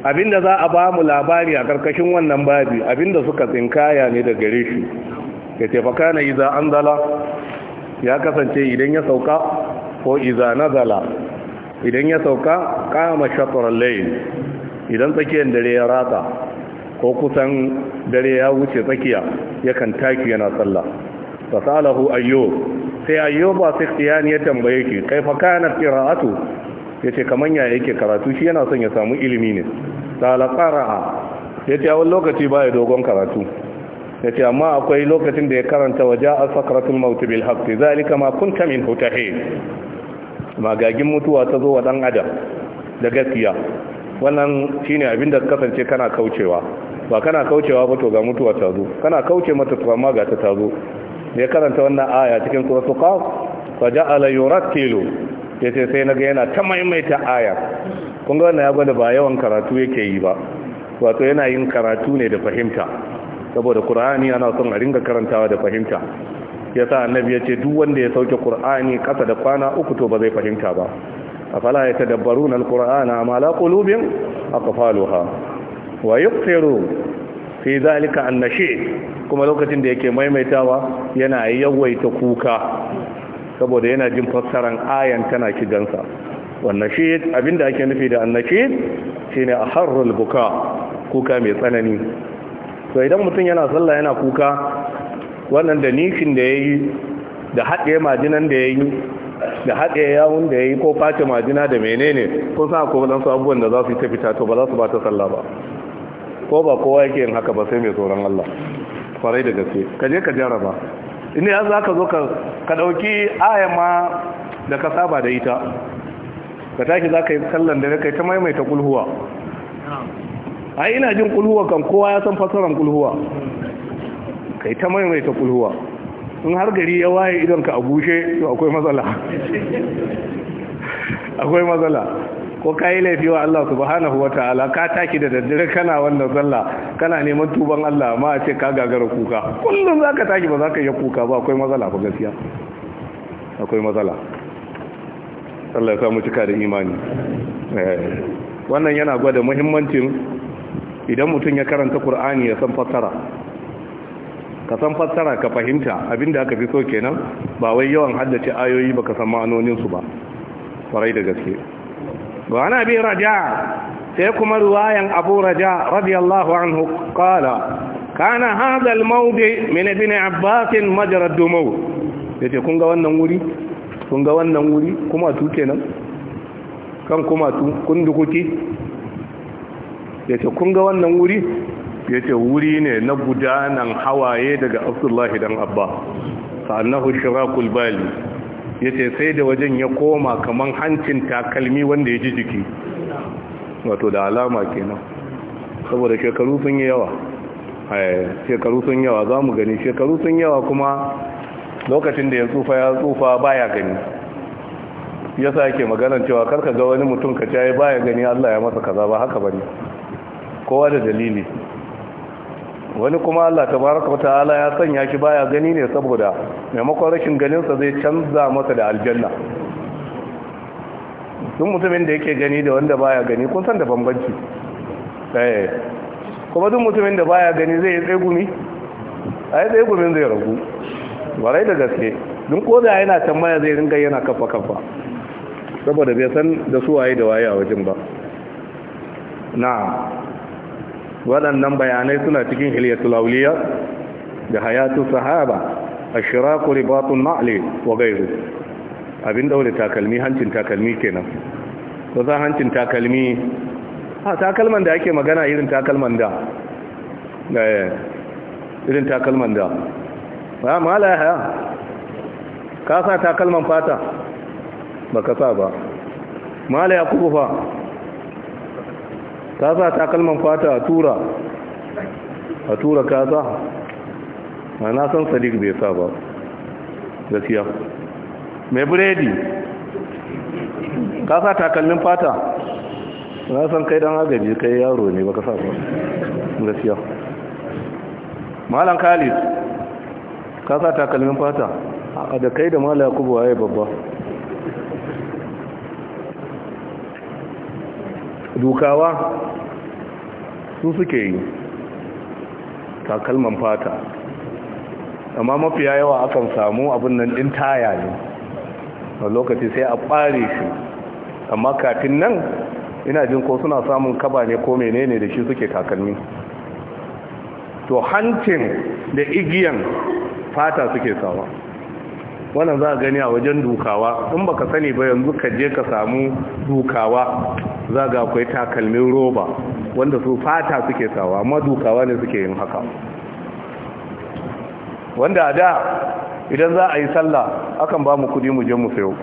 A: abinda za a ba mu labari a karkashin wannan babi abinda suka tsinkaya ne da gare shi ya ce fa kana iza anzala ya kasance idan ya sauka ko iza nazala idan ya sauka kama shatr al-layl idan tsakiyar dare ya rata ko kusan dare ya wuce tsakiya yakan taki yana sallah fasalahu ayyo. sai ayyo ba sai tsiyan ya tambaye ki fa kana qira'atu yace kaman ya yake karatu shi yana son ya samu ilimi ne sala qara'a ce a wani lokaci ya dogon karatu Ya ce amma akwai lokacin da ya karanta waja sakratul maut bil haqq zalika ma kunta min hutahi magagin mutuwa ta zo wa dan adam da gaskiya wannan shine abin da kasance kana kaucewa ba kana kaucewa ba to ga mutuwa ta zo kana kauce mata to amma ga ta ta zo ya karanta wannan aya cikin suratul qaf fa ja'ala yurattilu yace sai naga yana ta maimaita aya kun ga wannan ya gwada ba yawan karatu yake yi ba wato yana yin karatu ne da fahimta saboda qur'ani ana son a ringa karantawa da fahimta yasa annabi ce duk wanda ya sauke qur'ani kasa da kwana uku to ba zai fahimta ba afala ya tadabbaru na alkur'ana ma la qulubin aqfaluha wa yuqtiru fi zalika annashi kuma lokacin da yake maimaitawa yana yawaita kuka saboda yana jin fassaran ayan tana kidansa wannan shi abinda ake nufi da annashi shine aharrul buka kuka mai tsanani to idan mutum yana sallah yana kuka wannan da nishin da yayi da haɗe majinan da yayi da haɗe yawun da ya yi ko fata majina da menene kun sa ko waɗansu abubuwan da za su yi ta fita to ba za su ba ta sallah ba ko ba kowa yake yin haka ba sai mai tsoron Allah kwarai da gaske ka je ka jaraba ne yanzu za ka zo ka ɗauki ayama da ka saba da ita ka tashi za ka yi sallan da kai ta maimaita kulhuwa a ina jin kulhuwa kan kowa ya san fasaran kulhuwa kai ta maimaita kulhuwa in har gari ya waye idonka a bushe to akwai matsala akwai matsala ko ka yi laifi wa Allah subhanahu wa ta'ala ka taki da daddare kana wannan sallah kana neman tuban Allah ma a ce ka gagara kuka kullum za ka taki ba za ka yi kuka ba akwai matsala ba gaskiya akwai matsala Allah ya mu cika da imani eh, wannan yana gwada muhimmancin idan mutum ya karanta Kur'ani ya san fassara ka san fassara ka fahimta abinda aka fi so kenan ba wai yawan haddace ayoyi baka san ma'anonin su ba farai da gaske wa ana bi raja sai kuma ruwayan abu raja radiyallahu anhu qala kana hadha al-mawdi min ibn abbas majra ad yace kun ga wannan wuri kun ga wannan wuri kuma tu kenan kan kuma tu kun dukuki yace kun ga wannan wuri ya ce wuri ne na gudanan hawaye daga abdullahi dan abba sa'annahu shirakul bali ya ce sai da wajen ya koma kaman hancin takalmi wanda ya ji jiki wato da alama kenan saboda shekaru sun yi yawa eh, shekaru sun yawa za mu gani shekaru sun yawa kuma lokacin da ya tsufa ya tsufa baya gani ya sa yake maganar cewa karka ga wani mutum ka caye baya gani Allah ya masa kaza ba haka bane kowa da dalili wani kuma Allah tabaraka wata'ala ya sanya shi baya gani ne saboda maimakon rashin ganinsa zai canza masa da aljanna Tun mutumin da yake gani da wanda baya gani kun san da bambanci eh kuma duk mutumin da baya gani zai yi tsegumi ai tsegumin zai ragu warai da gaske duk ko da yana tambaya zai ringa yana kafa kafa saboda bai san da su waye da waye a wajen ba na'am waɗannan bayanai suna cikin hilyatul auliya da hayatu sahaba ashraku ribatun ma'li wa ghayru abin daure takalmi hancin takalmi kenan ko za hancin takalmi a takalman da ake magana irin takalman da eh, irin takalman da ba ah, mala ya ka sa takalman fata ba ka sa ba mala ya kufa ka sa takalman fata a tura a tura ka ma na san sadiq bai sa ba gaskiya mai biredi ka sa takalmin fata na san kai dan agaji kai yaro ne baka sa ba gaskiya malam khalid ka sa takalmin fata da kai da malam yakubu waye babba dukawa su suke yi takalman fata amma mafiya yawa akan samu abin nan din taya ne a lokaci sai a ɓare shi amma kafin nan ina jin ko suna samun kaba ne ko menene da shi suke takalmi to hancin da igiyan fata suke sawa wannan za a gani a wajen dukawa in baka sani ba yanzu ka je ka samu dukawa za ga akwai takalmin roba wanda su fata suke sawa amma dukawa ne suke yin haka wanda a da idan za a yi sallah akan ba mu kudi mu je mu sayo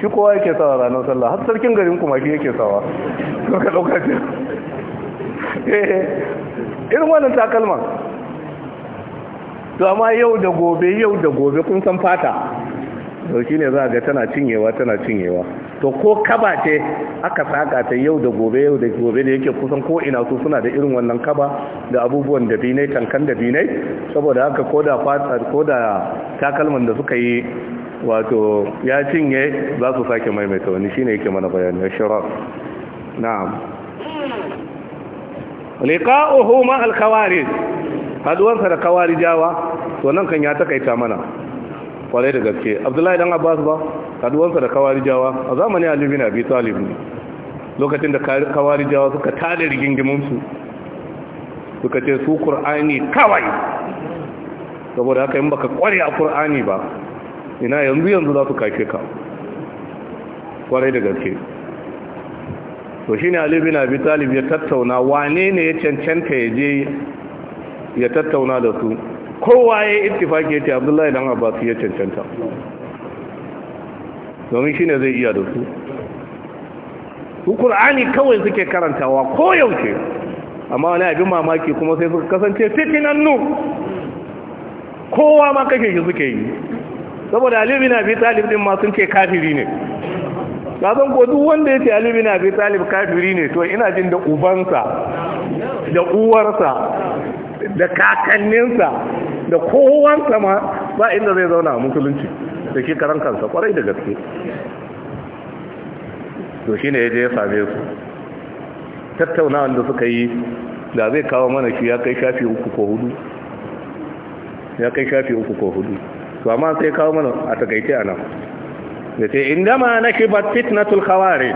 A: shi kowa yake sawa ranar sallah har sarkin garin kuma shi yake sawa ka ɗauka ce
B: eh,
A: irin wannan takalman to amma yau da gobe yau da gobe kun san fata to shine za ga tana cinyewa tana cinyewa to ko kaba ce aka saka ta yau da gobe yau da gobe da yake kusan ko ina su suna da irin wannan kaba da abubuwan da binai tankan da binai saboda haka ko da fata ko da takalman da suka yi wato ya cinye za su sake maimaita wani shine yake mana bayani shirar na'am
B: hmm.
A: liqa'uhu ma al-khawarij haduwansa da kawari jawa to nan kan ya takaita mana kwarai da gaske abdullahi dan abbas ba haduwansa da kawari jawa a zamanin ali bin abi talib ne lokacin da kawari jawa suka tada su suka ce su qur'ani kawai saboda haka in baka kware a qur'ani ba ina yanzu yanzu za su kake ka kwarai da gaske to shine ali bin abi talib ya tattauna wane ne ya cancanta ya je ya tattauna da su kowa ya ittifaki ya ce abdullahi dan abbas ya cancanta domin shi ne zai iya da su su ƙur'ani kawai suke karantawa ko yaushe amma wani abin mamaki kuma sai suka kasance fitinannu kowa ma kashe shi suke yi saboda alibi na bi talib din ma kafiri ne kasan ko duk wanda ya ce alibi na bi talib kafiri ne to ina jin da ubansa da uwarsa da kakanninsa da kowansa ma ba inda zai zauna a musulunci da shi karan kansa kwarai da gaske to shi ne ya je ya same su tattauna da suka yi da zai kawo mana shi ya kai shafi uku ko hudu ya kai shafi uku ko hudu to amma sai kawo mana a takaice a nan da ce dama na shi kibar fitnatul kawari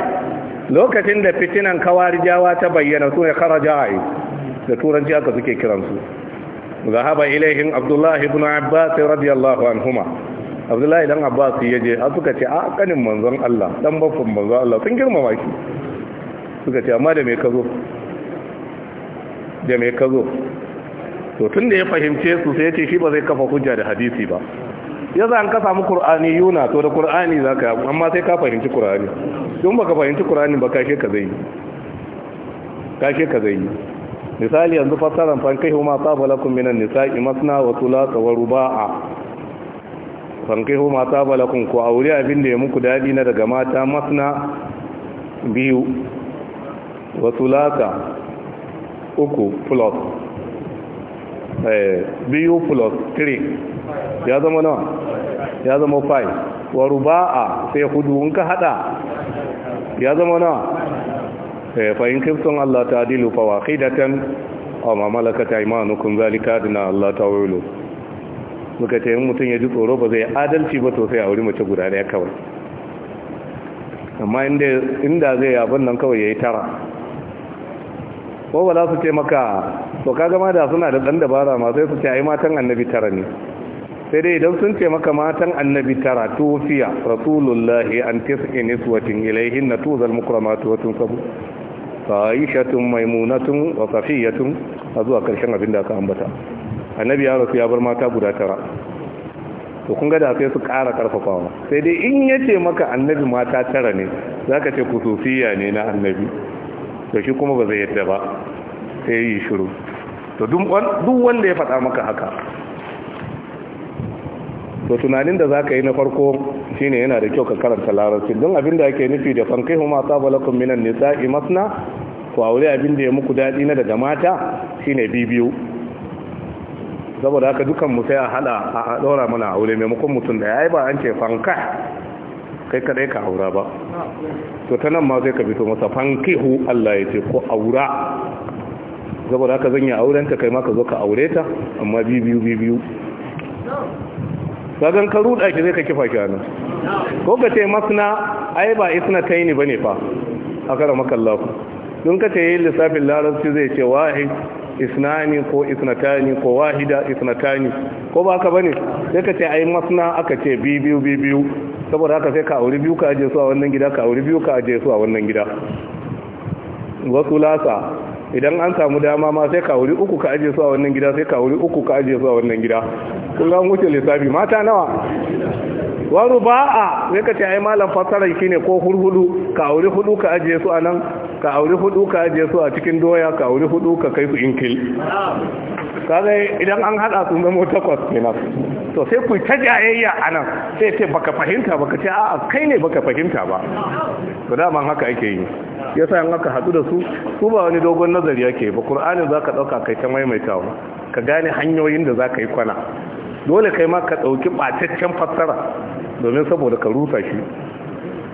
A: lokacin da fitinan kawari jawa ta bayyana su ne kara ja'ai da turanci aka suke kiransu zahaba ilaihin abdullahi ibn abbas radiyallahu anhuma abdullahi dan abbas ya je a suka ce a ah, kanin manzon Allah dan bakon manzon Allah sun girmama shi suka ce amma da me ka zo da me kazo to tun da ya fahimce su sai ya ce shi ba zai kafa hujja da hadisi ba ya za an ka samu qur'ani yuna to da qur'ani za ka amma sai ka fahimci qur'ani don baka ka fahimci qur'ani ba kashe ka zai kashe ka zai yi misali yanzu fassaran fankihu huma saba lakum minan nisa'i masna wa thulatha wa ruba'a fankihu huma saba lakum ku aure abin da ya muku dadi na daga mata masna biyu wa thulatha uku plus eh biyu plus 3 ya zama nawa ya zama 5 wa ruba'a sai hudu in ka hada ya zama nawa Eh, fa'in kifton Allah ta dilu fawa khidatan a mamalaka ta imanukun zalika dina Allah ta wulo muka ta yin mutum ya ji tsoro ba zai adalci ba to sai a wuri mace guda daya kawai amma inda zai abin nan kawai ya yi tara ko ba za su ce maka to ka gama da suna da ɗan dabara ma sai su ce ai matan annabi tara ne sai dai idan sun ce maka matan annabi tara tufiya rasulullahi an tis'i niswatin ilaihin na tuzal mukramatu watun sabu shatun maimunatun wa safiyatun a zuwa karshen abin da aka ambata annabi ya rasu ya bar mata guda tara to kun ga sai su kara karfafawa sai dai in yace maka annabi mata tara ne zaka ce kusufiya ne na annabi Da shi kuma ba zai yadda ba sai yi shiru to duk wanda ya faɗa maka haka to tunanin da za ka yi na farko shi ne yana da kyau ka karanta larabci don abin da ake nufi da hu huma sabalakun minan nisa'i masna ku aure abin da ya muku daɗi na daga mata shi ne bibiyu saboda haka dukan mu sai a hada a ɗora mana aure maimakon mutum da ya yi ba an ce fanka kai kadai ka aura ba to ta nan ma sai ka fito masa hu Allah ya ce ko aura saboda haka zan yi aurenta kai ma ka zo ka aure ta amma bibiyu bibiyu gagan ka ruda ki zai ka kifa shi anan ko ka ce masna ai ba isna taini ne fa a kara makallafu don ka ce lissafin larabci zai ce wahid isnani ko isnatani ko wahida isnatani ko ba ka bane sai ka ce ai masna aka ce biyu biyu saboda haka sai ka auri biyu ka aje su a wannan gida ka auri biyu ka aje su a wannan gida wasu lasa idan an samu dama ma sai ka wuri uku ka ajiye su a wannan gida sai ka wuri uku ka ajiye su a wannan gida kun ga wuce lissafi mata nawa waru ba'a sai ka ce ai malam fasaran ne ko hurhudu ka auri hudu ka ajiye su nan ka auri hudu ka ajiye su a cikin doya ka auri hudu ka kai su inkil kaga idan an hada su zama takwas kenan to sai ku ta jayayya a nan sai ce baka fahimta baka ce a'a kai ne baka fahimta ba to daman haka ake yi ya sa an haka hadu da su su ba wani dogon nazari yake ba za ka ɗauka kai ta maimaitawa ka gane hanyoyin da za ka yi kwana dole kai ma ka ɗauki ɓataccen fassara domin saboda ka rusa shi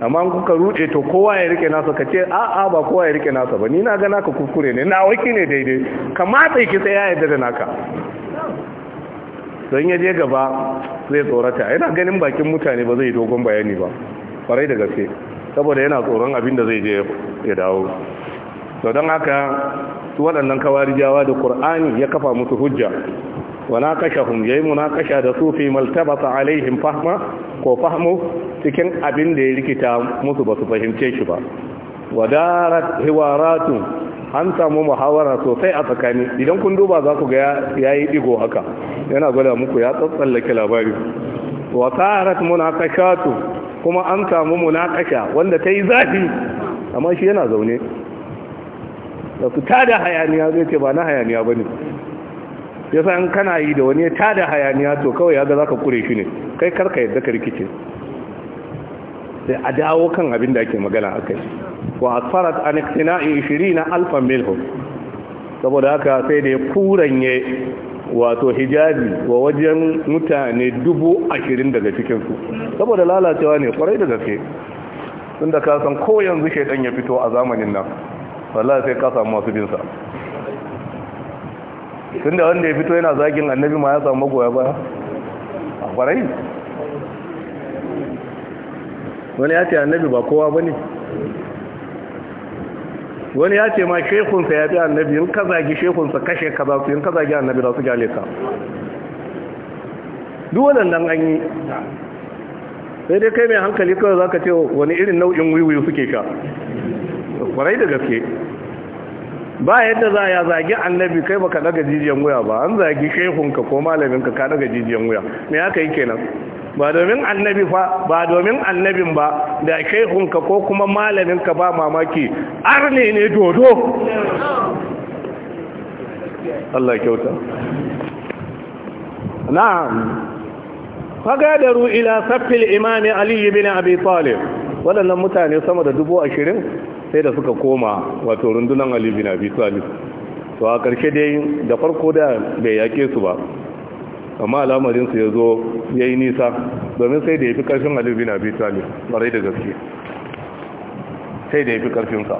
A: amma an kuka rute to kowa ya rike nasa ka ce a'a ba kowa ya rike nasa ba ni na gana ka kukure ne na waki ne daidai ka matsa ki sai ya yarda da naka don ya je gaba zai tsorata yana ganin bakin mutane ba zai dogon bayani ba farai da gaske saboda yana tsoron abin da zai je ya dawo to don haka su waɗannan kawarijawa da ƙur'ani ya kafa musu hujja Wana munakashahum yayi munakasha da su fi maltabata alaihim fahma ko fahmu cikin abin da ya rikita musu ba su fahimce shi ba wadarat hiwaratu an samu muhawara sosai a tsakani idan kun duba za ku ga yayi digo haka yana gwada muku ya tsatsallake labari wa munakashatu kuma an samu munakasha wanda ta yi zafi amma shi yana zaune da su tada hayaniya zai ce ba na hayaniya bane ya san kana yi da wani ya tada hayaniya to kawai ya ga za ka kure shi ne kai karka yadda ka rikice sai a dawo kan abin da ake magana a kai wa asfarat an shiri na alfan milhum saboda haka sai da ya kuranye wato hijabi wa wajen mutane dubu ashirin daga cikinsu saboda lalacewa ne kwarai da gaske tun da kasan ko yanzu shaidan ya fito a zamanin nan wallah sai ka samu masu binsa da wanda ya fito yana zagin annabi ma ya samu magoya ba a farai wani ya ce annabi ba kowa ba ne wani ya ce ma shekunsa ya fi annabi yin kazagi shekunsa kashe ka za su yin kazagi annabi za su gyale ka duk nan an yi sai dai kai mai hankali kawai za ka ce wani irin nau'in wiwi suke sha kwarai da gaske ba yadda za ya zagi annabi kai baka daga jijiyan wuya ba an zagi shehunka ko malaminka ka daga jijiyan wuya me haka yi kenan ba domin annabi fa ba domin annabin ba da shehunka ko kuma malaminka ba mamaki arne ne dodo Allah kyauta na'am fagadaru ila safil imami ali ibn abi talib waɗannan mutane sama da dubu ashirin sai da suka koma wato rundunan alibina bin Abi to a ƙarshe dai da farko da bai yake su ba amma ya zo ya yi nisa domin sai da ya fi ƙarfin alibina bin Abi ɓarai bare da gaske sai da ya fi ƙarfinsa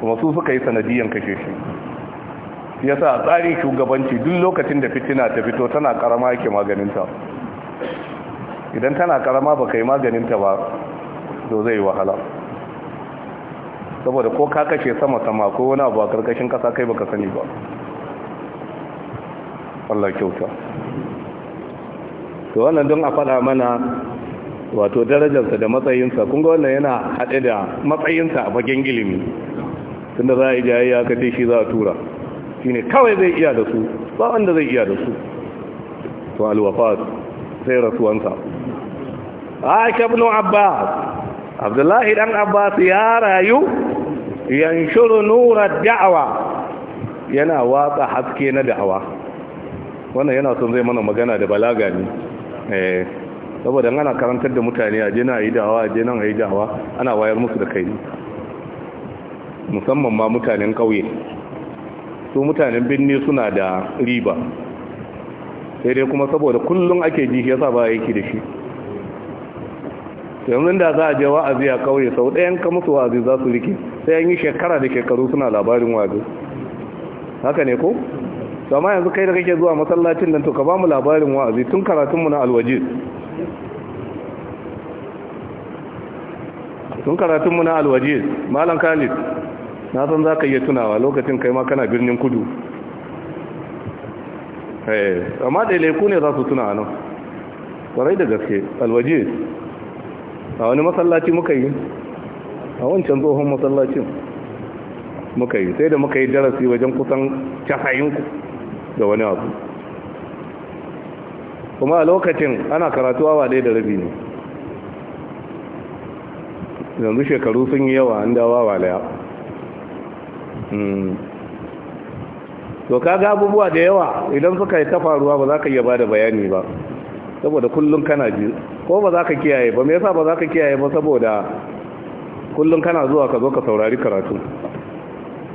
A: kuma su suka yi sanadiyan kashe shi ya sa tsarin shugabanci duk lokacin da fitina ta fito tana karama yake maganinta idan tana karama ka yi maganinta ba to zai wahala saboda ko ka kashe sama sama ko wani abu a karkashin kasa kai baka sani ba Allah kyauta to wannan don a faɗa mana wato darajarsa da matsayinsa kun ga wannan yana haɗe da matsayinsa a bagen ilimi tunda za a yi jayayya ka shi za a tura shi ne kawai zai iya da su ba wanda zai iya da su to alwafa sai rasuwansa a shabnu abbas abdullahi dan abbas ya rayu yanshuru nura da'awa yana watsa haske na da'awa wannan yana son zai mana magana da balaga ne eh saboda ana karantar da mutane a jina yi da'awa a jina yi da'awa ana wayar musu da kai ne, musamman ma mutanen kauye su mutanen binne suna da riba sai dai kuma saboda kullum ake ji yasa ba yake da shi yanzu da za a je wa'azi a kauye sau ɗayan ka musu wa'azi za su rike sai an yi shekara da shekaru suna labarin wa'azi haka ne ko amma yanzu kai da kake zuwa masallacin nan to ka ba mu labarin wa'azi tun karatunmu na alwajiz tun karatunmu na alwajiz malam khalid na san za ka iya tunawa lokacin kai ma kana birnin kudu eh, amma ɗaiɗaiku ne za su tuna nan kwarai da gaske alwajiz a wani masallaci muka yi a wancan tsohon masallacin muka yi sai da muka yi darasi wajen kusan casa'inku da wani abu kuma a lokacin ana karatu awa ɗaya da rabi ne yanzu shekaru sun yi yawa an dawa walaya hmm. to kaga abubuwa da yawa idan suka yi ta faruwa ba za ka iya da bayani ba saboda kullum kana ji ko ba za ka kiyaye ba me yasa ba za ka kiyaye ba saboda kullum kana zuwa ka zo ka saurari karatu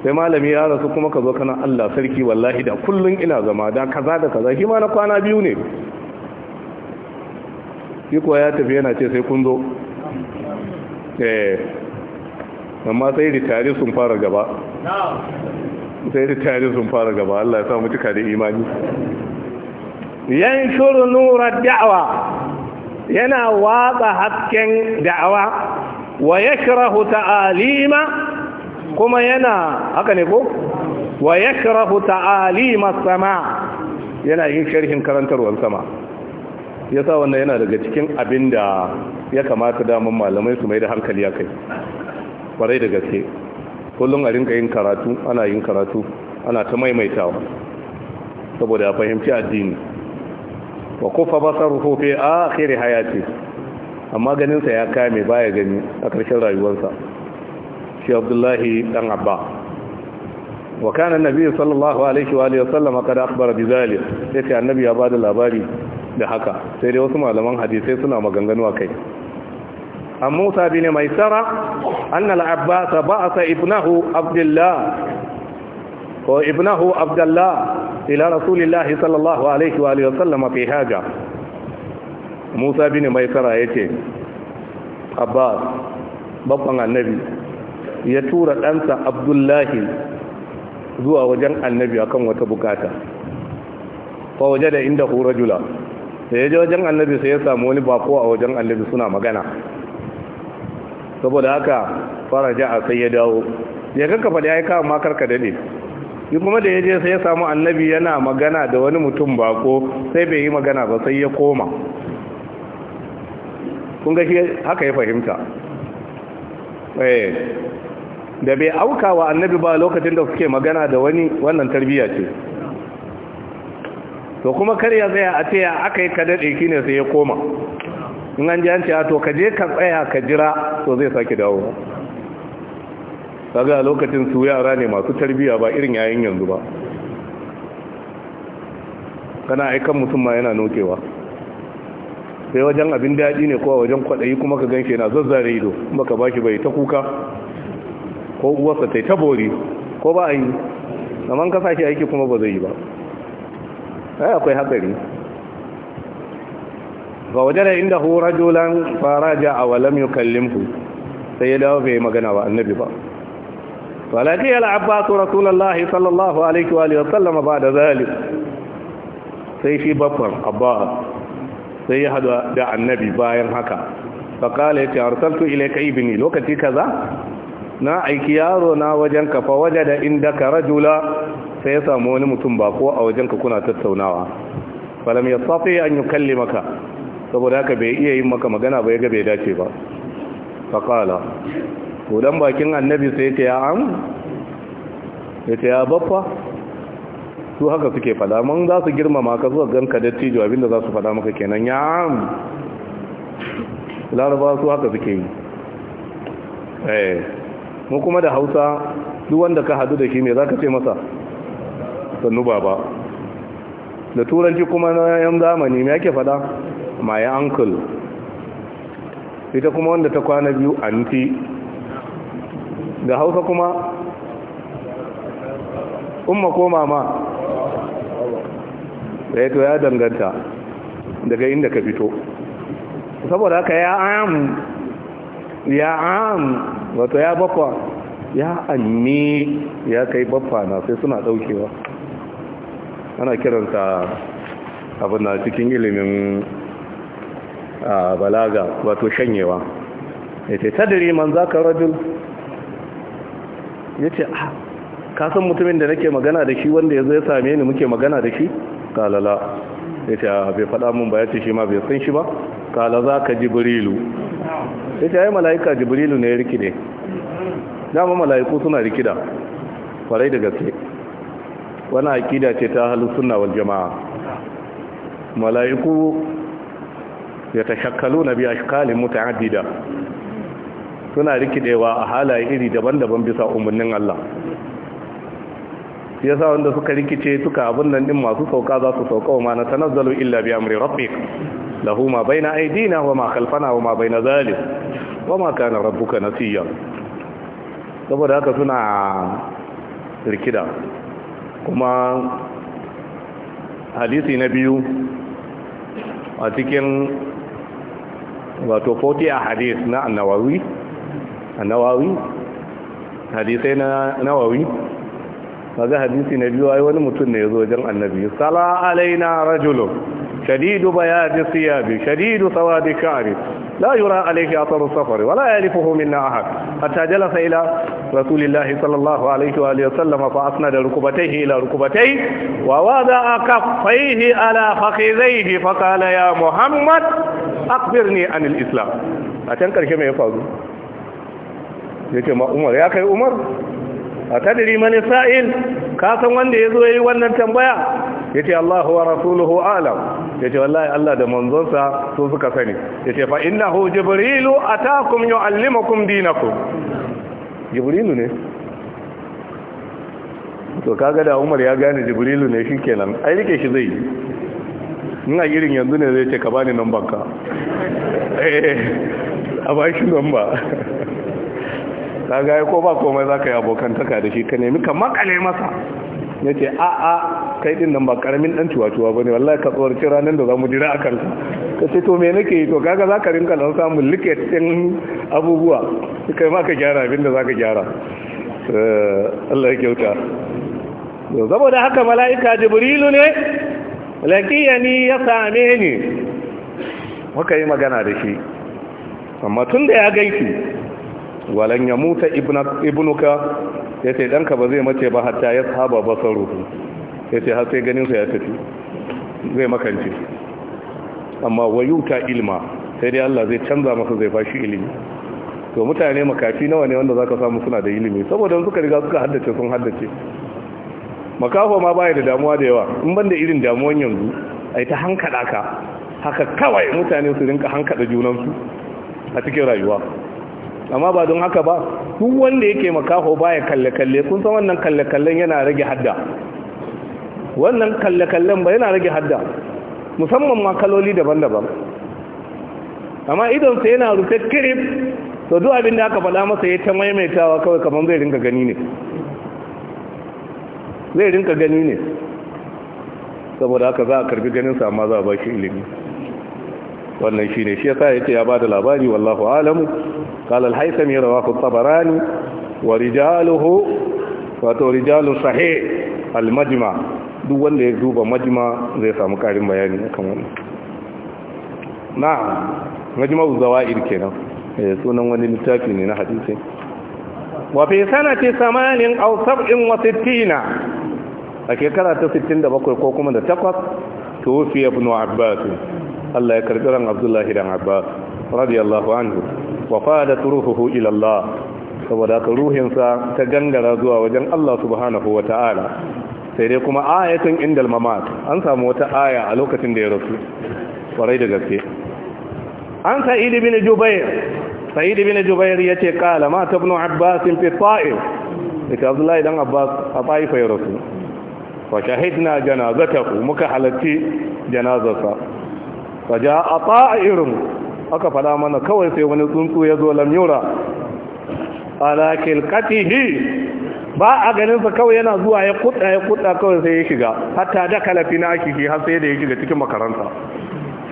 A: sai malami ya rasu kuma ka zo kana Allah sarki wallahi da kullum ina zama da kaza da kaza shi ma na kwana biyu ne shi kuwa ya tafi yana ce sai kun zo eh amma sai ritari sun fara gaba sai ritari sun fara gaba Allah ya sa mu cika da imani Yan shiru nurar da'awa yana watsa hasken da'awa wa shirahu ta'alima kuma yana haka ne ko wa yashrahu ta'alima sama yana yin sharhin karantarwar sama yasa wannan yana daga cikin abin da ya kamata damun malamai su mai da hankali kai kwarai da gaske kullum a rinka yin karatu ana yin karatu ana ta maimaitawa saboda a fahimci addini wa kufa basaruhu fi akhir hayati amma ganinsa ya kame baya gani a ƙarshen rayuwarsa shi abdullahi dan abba wa kana annabi sallallahu alaihi wa alihi wasallam kad bi sai annabi ya bada labari da haka sai dai wasu malaman hadisai suna maganganu kai. an Musa bin Maisara an al-Abbas ba'atha ibnahu Abdullah وابنه Ibnahu الله إلى رسول الله صلى الله عليه وآله وسلم في حاجة موسى بن ميسرة يتي babban annabi ya tura ɗansa abdullahi zuwa wajen annabi akan wata bukata fa da inda hura jula da ya je wajen annabi sai ya samu wani bako a wajen annabi suna magana saboda haka fara ja'a sai ya dawo ya kanka faɗi kama amma ka daɗe shi kuma da ya je sai ya samu annabi yana magana da wani mutum bako sai bai yi magana ba sai ya koma kun ga haka ya fahimta eh, da bai auka wa annabi ba lokacin da suke magana da wani wannan tarbiyya ce to kuma kar ya tsaya a ce ya aka yi ka daɗe ne sai ya koma in an ji an ce to ka je ka tsaya ka jira to zai sake dawo kaga lokacin su yara ne masu tarbiya ba irin yayin yanzu ba kana aikan mutum ma yana nokewa sai wajen abin daɗi ne kowa wajen kwaɗayi kuma ka ganke na zazzare ido baka baki bai ta kuka ko uwarsa ta yi ta bori ko ba a yi amma ka sashi aiki kuma ba zai yi ba ai akwai hatsari ga wajen da inda hu rajulan faraja a walam yukallimhu sai ya dawo bai magana ba annabi ba ولقي العباس رسول الله صلى الله عليه وآله وسلم بعد ذلك سيشي بطن عباس سيهد دع النبي باين هكا فقال يتي أرسلت إليك ابني لوكتي كذا na aiki yaro na wajenka fa waje da inda ka rajula sai ya samu wani mutum ba ko a wajenka kuna tattaunawa falam ya safi an kalli maka saboda haka bai iya yin maka magana bai ga bai dace ba to dan bakin annabi sai ta ya am ya ta ya baffa su haka suke fada mun za su girmama ka zuwa ganka dattijo abinda za su fada maka kenan ya am laraba su haka suke yi eh mu kuma da hausa duk wanda ka hadu da shi me za ka ce masa sannu baba da turanci kuma na yan zamani me yake fada my uncle ita kuma wanda ta kwana biyu anti Da hausa kuma umma ko mama ya eh ya danganta daga inda ka fito saboda haka ya am ya am wato ya bakwa ya anni ya kai baffa na sai suna daukewa ana kiranta abin na cikin ilimin ah, balaga wato shanyewa ya ce tadiri man za ka rajul ya ce ah, ka san mutumin da nake magana da shi wanda ya zo ya same ni muke magana da shi kalala ya ce a, ah, bai faɗa mun ba ya ce shi ma bai san shi ba kala za ka jibrilu ya ce ai mala'ika jibrilu ne ya rikide dama mala'iku suna rikida farai da gaske wani akida ce ta halin suna wal jama'a mala'iku ya tashakkalu na biya shi kalin mutu'addida suna rikidewa a halaye iri daban-daban bisa umarnin Allah ya sa wanda suka rikice suka abin nan din masu sauka za su sauka wa ma na tanazzalu illa bi amri rabbik lahu ma baina aidina wa ma khalfana wa ma baina zalim wa ma kana rabbuka nasiya saboda haka suna rikida kuma hadisi na biyu a cikin wato 40 a hadis na annawawi a hadisai na nawawi kaga hadisi na biyu ai wani mutum ne yazo wajen annabi sala alaina rajulun shadidu bayadi siyabi shadidu sawadi sha'ri la yura alayhi atharu safar wa la yalifuhu minna ahad hatta jalasa ila rasulillah sallallahu alayhi wa alihi wasallam fa asnada rukubatayhi ila rukubatayhi wa wada'a kaffayhi ala fakhidhayhi fa qala ya muhammad akhbirni anil islam a can karshe me ya faru ya ce ma umar ya kai umar a tadiri mani sa'il ka san wanda ya zo ya yi wannan tambaya ya ce allahu wa rasuluhu alam ya ce wallahi allah da manzonsa su suka sani ya ce fa inna hu jibrilu a takum yi allimakum dinakum jibrilu ne to kaga da umar ya gane jibrilu ne shi kenan ai rike shi zai yi ina irin yanzu ne zai ce ka bani nan banka eh, a ba shi nan ba ka ko ba komai za ka yi abokantaka da shi ka nemi ka makale masa ya ce a a kai din nan ba karamin dan cuwa-cuwa ba ne wallahi ka tsorci ranar da za mu jira a kanka ka ce to me nake yi to kaga za ka rinka dan samun liket ɗin abubuwa kai ma ka gyara abin za ka gyara eh, Allah ya kyauta saboda haka mala'ika jibrilu ne ni ya same ni muka yi magana da shi amma tun da ya gaiki walan ya muta ibnuka ya ce ɗanka ba zai mace ba hatta ya saba ruhu. ya ce har sai ganinsa ya tafi zai makance amma wayuta ilma sai dai Allah zai canza masa zai fashi ilimi to mutane makafi nawa ne wanda zaka samu suna da ilimi saboda suka riga suka haddace sun haddace makaho ma baya da damuwa da yawa in ban da irin damuwan yanzu ai ta hankada ka haka kawai mutane su rinka hankada junansu a cikin rayuwa amma ba don haka ba duk wanda yake makaho baya kalle-kalle kun san wannan kalle-kallen yana rage hadda wannan kalle-kallen ba yana rage hadda musamman ma kaloli daban-daban amma sai yana rufe kirif to duk abin da aka faɗa masa ya ta maimaitawa kawai kamar zai rinka gani ne zai rinka gani ne saboda haka za a karbi ganin sa amma za a ba shi ilimi wannan shi ne shi ya sa ya ce ya ba da labari wallahu alamu قال الهيثمي رواه الطبراني ورجاله wato rijalun sahi al duk wanda ya duba majma zai samu karin bayani akan wannan na'am majma uzawair kenan sunan wani littafi ne na hadisi wa fi sanati samanin aw sab'in wa sittina a shekara ta 67 ko kuma da 8 tuwfi ibn abbas Allah ya karbi ran Abdullah ibn anhu wa fada ruhuhu ila Allah saboda ka ruhinsa ta gangara zuwa wajen Allah subhanahu wa ta'ala sai dai kuma ayatun indal mamat an samu wata aya a lokacin da ya rasu kwarai da gaske an sa'id ibn jubair sa'id ibn jubair yace kala ma tabnu abbas fi ta'if daga abdullahi dan abbas a ta'ifa ya rasu wa shahidna janazatahu muka halatti janazarsa fa ja'a ta'irun aka fada mana kawai sai wani tsuntsu ya zo lamyura ala katihi ba a ganin kawai yana zuwa ya kudda ya kudda kawai sai ya shiga hatta da kalafi na akiki har sai da ya shiga cikin makaranta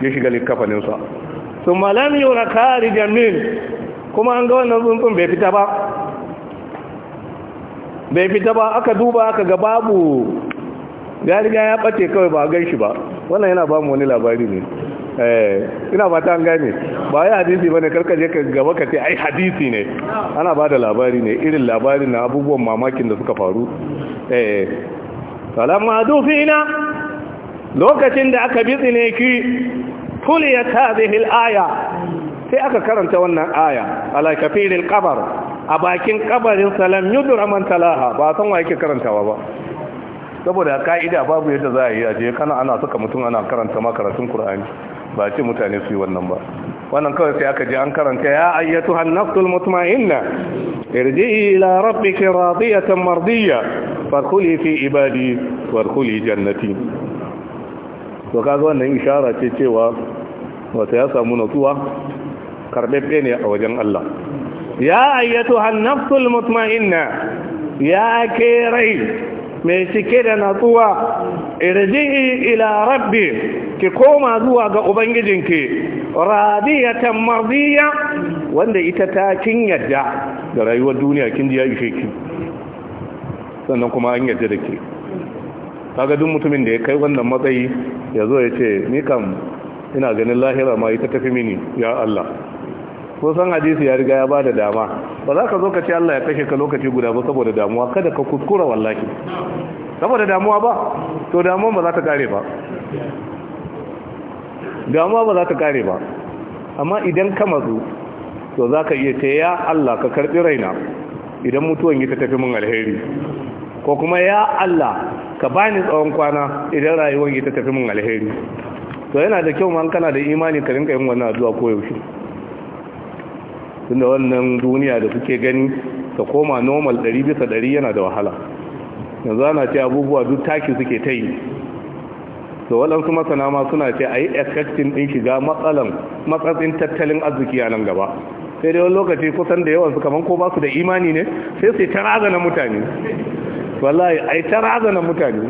A: ya shiga likafaninsa. sa malam lam yura kari jamil kuma an ga wannan tsuntsun bai fita ba bai fita ba aka duba aka ga babu ya riga ya bace kawai ba gan shi ba wannan yana ba mu wani labari ne Eh, ina ba ta gane ba ya hadisi ba ne karkaje ka gaba ka ce ai hadisi ne ana bada da labari ne irin labarin na abubuwan mamakin da suka faru salamma eh, fina lokacin da aka bi tsineki tuliyat hadhihi al-aya sai aka karanta wannan aya ala kafiril qabr a bakin kabarin salam yudra man talaha ba san wa yake karantawa ba saboda ka'ida babu yadda za a yi je kana ana saka mutum ana karanta makarantun qur'ani ba ce mutane su yi wannan ba wannan kawai sai aka ji an karanta ya ayyatu hannaftul mutma'inna irji'i ila rabbika radiyatan mardiyya fadkhuli fi ibadi wadkhuli jannati to kaga wannan ishara ce cewa wata ya samu natsuwa karbebbe ne a wajen Allah ya ayyatu hannaftul mutma'inna ya ke rai mai cike da natsuwa irji'i ila rabbi ki koma zuwa ga ubangijinki radiyatan mardiya wanda ita ta kin yadda da rayuwar duniya kin ji ya ishe ki sannan kuma an yadda da ke kaga duk mutumin da ya kai wannan matsayi ya zo ya ce ni kam ina ganin lahira ma ita tafi mini ya Allah ko san hadisi ya riga ya bada dama ba za ka zo ka ce Allah ya kashe ka lokaci guda ba saboda damuwa kada ka kuskura wallahi saboda damuwa ba to damuwa ba za ta kare ba damuwa ba za ta kare ba amma idan ka mazu to za ka iya ya Allah ka karɓi raina idan mutuwan yi ta tafi min alheri ko kuma ya Allah ka bani tsawon kwana idan rayuwar yi ta tafi min alheri to yana da kyau man kana da imani ka rinka yin wannan addu'a ko yaushe tunda wannan duniya da kuke gani ka koma normal 100 bisa 100 yana da wahala yanzu ana ce abubuwa duk taki suke ta yi to waɗansu masana ma suna ce a yi effectin ɗin shiga matsalan matsatsin tattalin arziki a nan gaba sai dai wani lokaci kusan da yawansu kamar ko ba su da imani ne sai sai ta razana mutane wallahi ai ta na mutane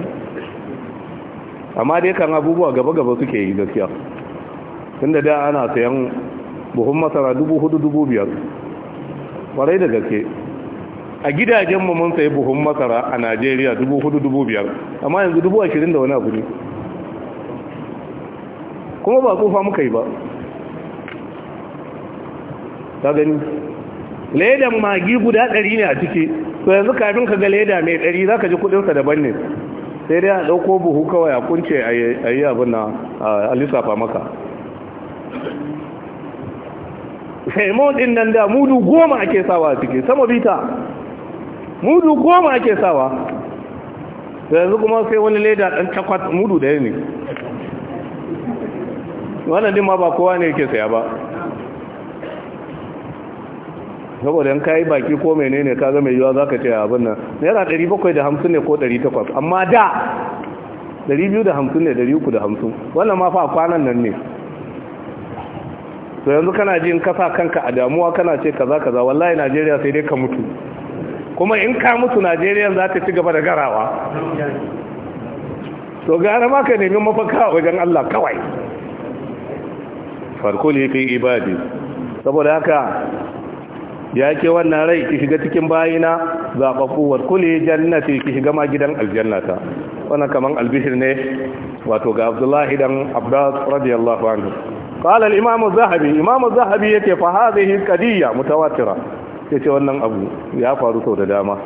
A: amma dai kan abubuwa gaba-gaba suke yi gaskiya tunda da ana sayan buhun masara dubu hudu dubu biyar kwarai da gaske a gidajen mu mun sayi buhun masara a najeriya dubu hudu dubu biyar amma yanzu dubu ashirin da wani abu ne kuma ba tsofa muka yi ba ta gani ledan magi guda ɗari ne a ciki to yanzu kafin ka ga leda mai ɗari za ka ji kudinsa daban ne sai dai a ɗauko buhu kawai a kunce a yi abin na a lissafa maka shaimon din nan da mudu goma ake sawa a ciki sama bita mudu goma ake sawa yanzu kuma sai wani leda ɗan takwas mudu ɗaya ne wannan din ma ba kowa ne yake saya ba saboda ka yi baki ko menene ka zama yiwa za ka ce abin nan naira 750 ne ko 800 amma da 250 ne 350 wannan ma fa kwanan nan ne to yanzu kana jin kasa kanka a damuwa kana ce kaza kaza wallahi Najeriya sai dai ka mutu kuma in ka mutu najeriya za ta ci gaba da garawa to gara ma ka nemi mafaka wajen allah kawai farko ne kai ibadi saboda haka ya ke wannan rai ki shiga cikin bayina zaɓaɓɓu warkuli jannati ki shiga ma gidan aljannata wannan kaman albishir ne wato ga abdullahi dan abbas radiyallahu anhu qala al imam zahabi imamu zahabi yake fa hadhihi qadiyya mutawatira ya ce wannan abu ya faru sau da dama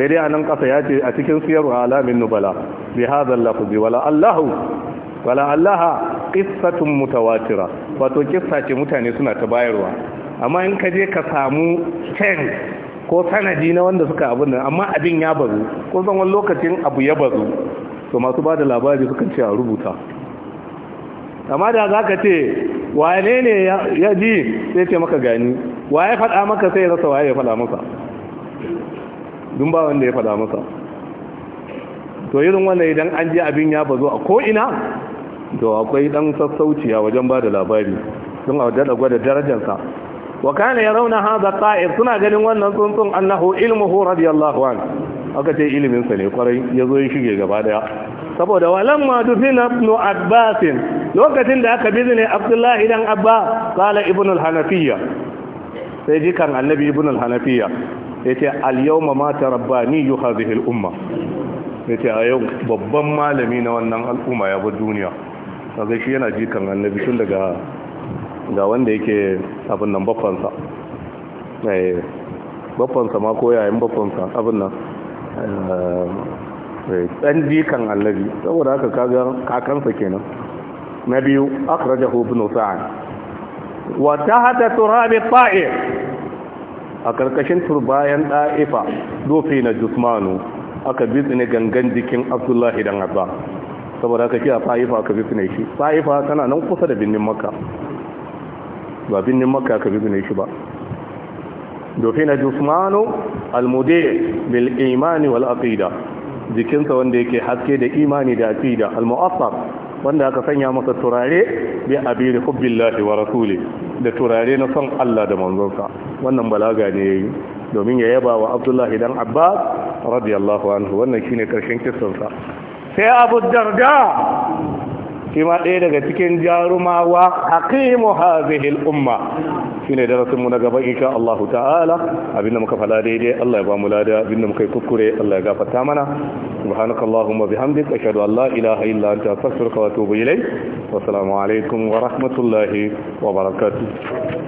A: sai dai a nan ƙasa ya ce a cikin siyarwa alamin nubala bi hazan lafuzi wala allahu wala allaha ƙissatun mutawatira wato ƙissa ce mutane suna ta bayarwa amma in ka je ka samu ten ko sanadi na wanda suka abin nan amma abin ya bazu ko zan wani lokacin abu ya bazu to masu ba da labari sukan ce a rubuta amma da za ka ce wane ne ya ji sai ce maka gani waye faɗa maka sai rasa waye ya faɗa masa dun ba wanda ya faɗa masa to irin wannan idan an ji abin ya bazo a ko'ina to akwai dan sassauciya wajen ba da labari sun a daɗa gwada darajarsa wa kana ya rauna haza ƙa'ir suna ganin wannan tsuntsun annahu ilmuhu radiyallahu an aka ce iliminsa ne kwarai ya zo ya shige gaba daya saboda walan ma dufina ibn abbas lokacin da aka bizne abdullahi dan abba qala ibn al-hanafiyya sai jikan annabi ibn al-hanafiya yace al-yawma mata rabbani hadhihi al-umma yace a yau babban malami na wannan al'umma ya bar duniya kaga shi yana jikan annabi tun daga ga wanda yake abin nan sa, eh sa ma ko yayin sa abin nan eh, eh, dan jikan annabi saboda haka kaga kakansa kenan na biyu akhrajahu ibn sa'ad wa tahta turabi ta'if a karkashin turbayan da'ifa dofe na jusmanu aka bitsine gangan jikin abdullahi dan abba saboda aka shi a fa'ifa aka bizne shi fa'ifa tana nan kusa da binnin makka ba binnin makka aka bizne shi ba dofe na jusmanu almude bil imani wal aqida jikinsa wanda yake haske da imani da aqida al mu'assar wanda aka sanya masa turare bi abiri hubbillahi wa rasuli da turare na son Allah da manzonsa wannan balaga ne yayi domin ya yaba wa Abdullahi dan Abbas radiyallahu anhu wannan shine karshen kissan sa sai Abu Darda shi ma ɗaya daga cikin jarumawa haqimu hadhihi umma shine darasin mu na gaba insha Allah ta'ala abinda muka fada daidai Allah ya ba mu lada abinda muka yi kuskure Allah ya gafarta mana subhanakallahumma bihamdika ashhadu an la ilaha illa anta astaghfiruka wa atubu ilayk wa assalamu alaikum wa rahmatullahi wa barakatuh